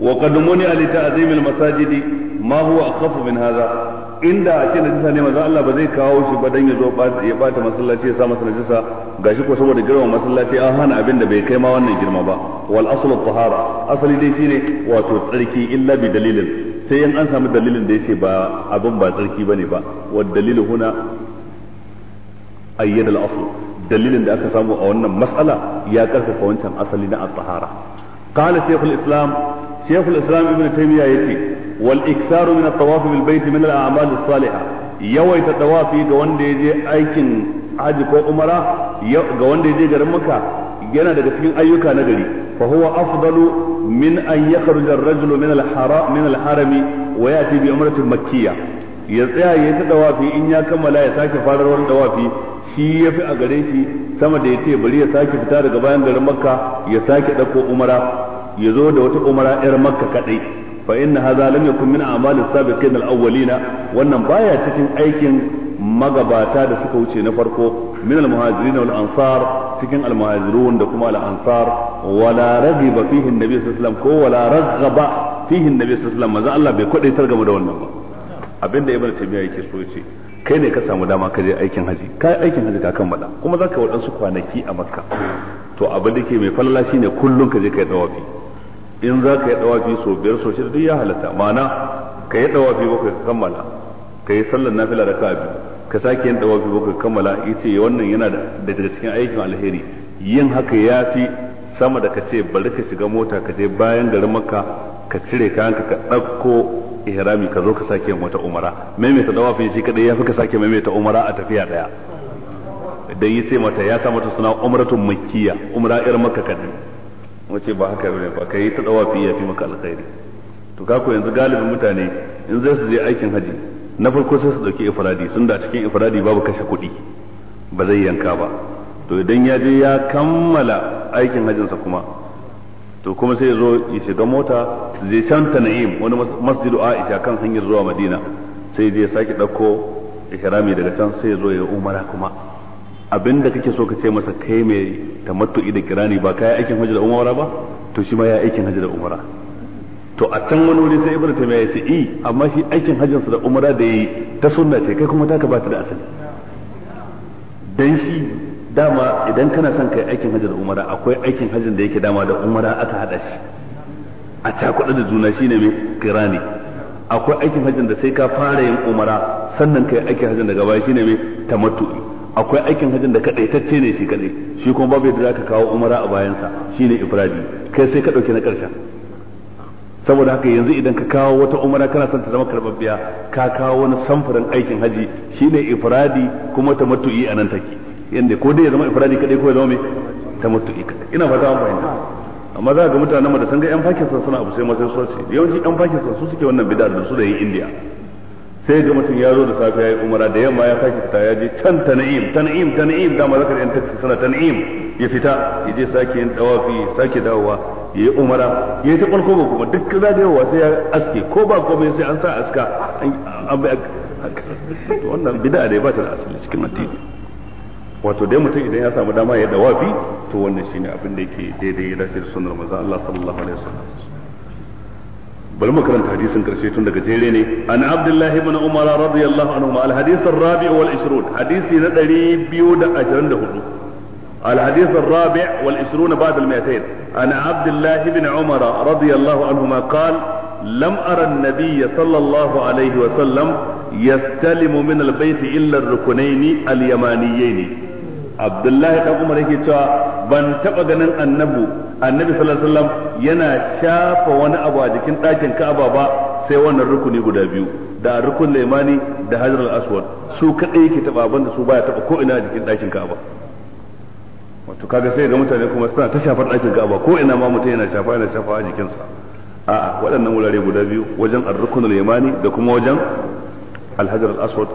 وقد alita azimil masajidi ma huwa أخف min hadha inda a ce najisa ne manzo Allah ba zai kawo shi ba dan ya zo ya bata masallaci ya sa masa najisa gashi ko saboda girma masallaci an hana abin da bai kai ma wannan girma ba wal aslu tahara asali dai shine wato tsarki illa bi dalilin sai in an samu dalilin da yace ba abin ba tsarki bane ba wad dalilu huna ayyada al dalilin da aka samu a wannan mas'ala ya karfafa wancan asali na at-tahara qala shaykhul islam shaykhul islam ibn taymiya yace wal iksaru min at-tawaf bil min al yawaita tawafi ga wanda yaje aikin haji ko umara ga wanda yaje garin makka yana daga cikin ayyuka na gari fa huwa afdalu min an yakhruja ar-rajulu min al-haram min al-harami wa yati bi umratin ya tsaya ya ta dawafi in ya kammala ya sake farar wani shi ya fi a gare shi sama da ya ce bari ya sake fita daga bayan garin makka ya sake ɗauko umara ya zo da wata umara yar makka kadai fa inna haza lam yakun min a'malis sabiqin al-awwalina wannan baya cikin aikin magabata da suka wuce na farko min al-muhajirin wal ansar cikin al-muhajirun da kuma al-ansar wala raghiba fihi an-nabi sallallahu alaihi wasallam ko wala raghaba fihi an-nabi sallallahu alaihi wasallam manzo Allah bai kwadaitar game da wannan ba abinda ibnu taymiya yake so yace kai ne ka samu dama ka je aikin haji kai aikin haji ka bada kuma zaka wadansu kwanaki a makka to abin da ke mai falala shine kullun ka je kai dawafi in za ka yi dawafi so biyar so shida duk ya halatta ma'ana ka yi dawafi bakwai ka kammala ka yi sallar nafila da ka'abi ka sake yin dawafi bakwai ka kammala yace wannan yana da daga cikin aikin alheri yin haka ya fi sama da ka ce bari ka shiga mota ka je bayan garin makka ka cire kayanka ka ɗauko ihrami ka zo ka sake yin wata umara maimaita dawafin shi kadai ya fi ka sake maimaita umara a tafiya daya dan yace mata ya sa mata suna umratun makkiya umra irin makka kadai wace ba haka bane ba kai ta dawafi ya fi maka alkhairi to ka ko yanzu galibin mutane in zai su je aikin haji na farko sai su dauki ifradi sun da cikin ifradi babu kashe kuɗi ba zai yanka ba to idan ya je ya kammala aikin hajinsa kuma to kuma sai ya zo ya shiga mota su je can tana'im wani masjidu aisha kan hanyar zuwa madina sai ya je ya sake ɗauko ihrami daga can sai ya zo ya umara kuma abinda kake so ka ce masa kai mai tamattu'i da kirani ba kai aikin hajji da umara ba to shi ma ya aikin hajji da umara to a can wani wuri sai ibrahim ya ce i amma shi aikin sa da umara da yi ta sunna ce kai kuma taka ba ta da asali dan shi dama idan kana son kai aikin hajji da umara akwai aikin hajjin da yake dama da umara aka hada shi a cakuɗa da juna shine mai kirani akwai aikin hajjin da sai ka fara yin umara sannan kai aikin hajjin da gaba shine mai tamattu'i akwai aikin hajjin da kadai ce ne shi kadai shi kuma babu yadda zaka kawo umara a bayansa shine ifradi kai sai ka dauki na karshen saboda haka yanzu idan ka kawo wata umara kana son ta zama karbabbiya ka kawo wani samfurin aikin haji shine ifradi kuma tamattu'i anan take yanda ko dai ya zama ifradi kadai ko ya zama me tamattu'i kadai ina fata an fahimta amma za ga mutanen mu da san ga yan Pakistan suna abu sai ma sai yawanci yan Pakistan su suke wannan bid'a da su da yin indiya. sai ga mutum ya zo da safe ya yi umara da yamma ya sake fita ya je can tan'im tan'im tan'im dama zakar yan taksi suna tan'im ya fita ya je sake yin dawafi sake dawowa ya yi umara ya yi ta farko ba kuma duk yawa sai ya aske ko ba komai sai an sa aska an bai wannan bid'a da ya bata da asali cikin addini wato dai mutum idan ya samu dama ya dawafi to wannan shine abin da yake daidai ya dace da sunnar manzon Allah sallallahu alaihi wasallam bari mu karanta hadisin karshe tun daga jere ne an abdullahi ibn umar radiyallahu anhu al hadith ar rabi wal 20 hadisi na 224 al hadith ar rabi wal 20 ba'd al 200 an abdullahi ibn umar radiyallahu anhuma qala لم أرى النبي صلى الله عليه وسلم يستلم من البيت إلا الركنين اليمانيين عبد الله بن عمر yake cewa ban taba ganin annabu annabi sallallahu alaihi wasallam yana shafa wani abu a jikin ɗakin ka'aba ba sai wannan rukuni guda biyu da rukun laimani da hajar al-aswad su kadai yake taba banda su baya taba ko ina a jikin ɗakin ka'aba wato kaga sai ga mutane kuma suna ta shafar ɗakin ka'aba ko ina ma mutum yana shafa yana shafa a jikinsa a'a waɗannan wurare guda biyu wajen ar-rukun laimani da kuma wajen al-hajar al-aswad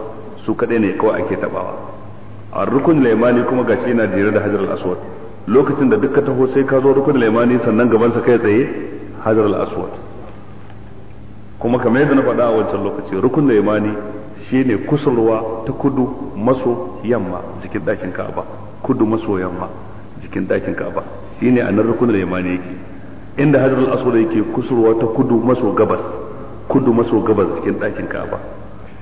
su kadai ne kawai ake tabawa ar-rukun laimani kuma gashi yana jere da hajar al-aswad lokacin da duka taho sai ka zo rukunin limani sannan gaban sa kai tsaye hajar al-aswad kuma kamar yadda na faɗa a wancan lokaci rukunin limani shine kusurwa ta kudu maso yamma jikin ɗakin Ka'aba kudu maso yamma jikin ɗakin Ka'aba shine a nan rukunin limani yake inda hajar al-aswad yake kusurwa ta kudu maso gabas kudu maso gabas jikin ɗakin Ka'aba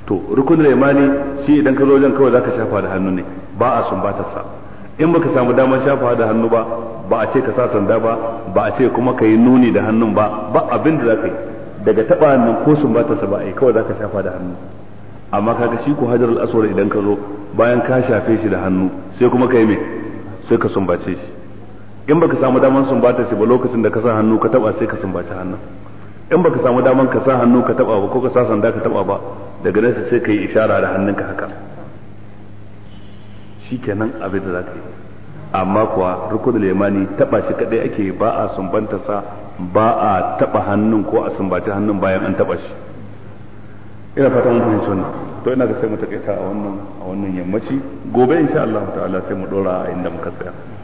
to rukunin limani shi idan ka zo wajen kawai zaka shafa da hannu ne ba a sumbatar sa in baka samu damar shafa da hannu ba ba a ce ka sa sanda ba ba a ce kuma ka yi nuni da hannun ba ba abin da za ka yi daga taba hannun ko sun bata sa ba ai kawai za ka shafa da hannu amma kaga shi ko hajar al idan ka zo bayan ka shafe shi da hannu sai kuma ka yi me sai ka sumbace shi in baka samu damar sumbata shi ba lokacin da ka sa hannu ka taba sai ka sumbace hannun in baka samu damar ka sa hannu ka taba ba ko ka sa sanda ka taba ba daga nan sai ka yi ishara da hannunka haka shikenan abin da zaka yi amma kuwa rukunul lemani taba shi kaɗai ake ba a sumbanta sa ba a taba hannun ko a sumbaci hannun bayan an taba shi ina fata mun fahimci wannan to ina ga sai mu takaita a wannan a wannan yammaci gobe insha Allah ta'ala sai mu dora inda muka tsaya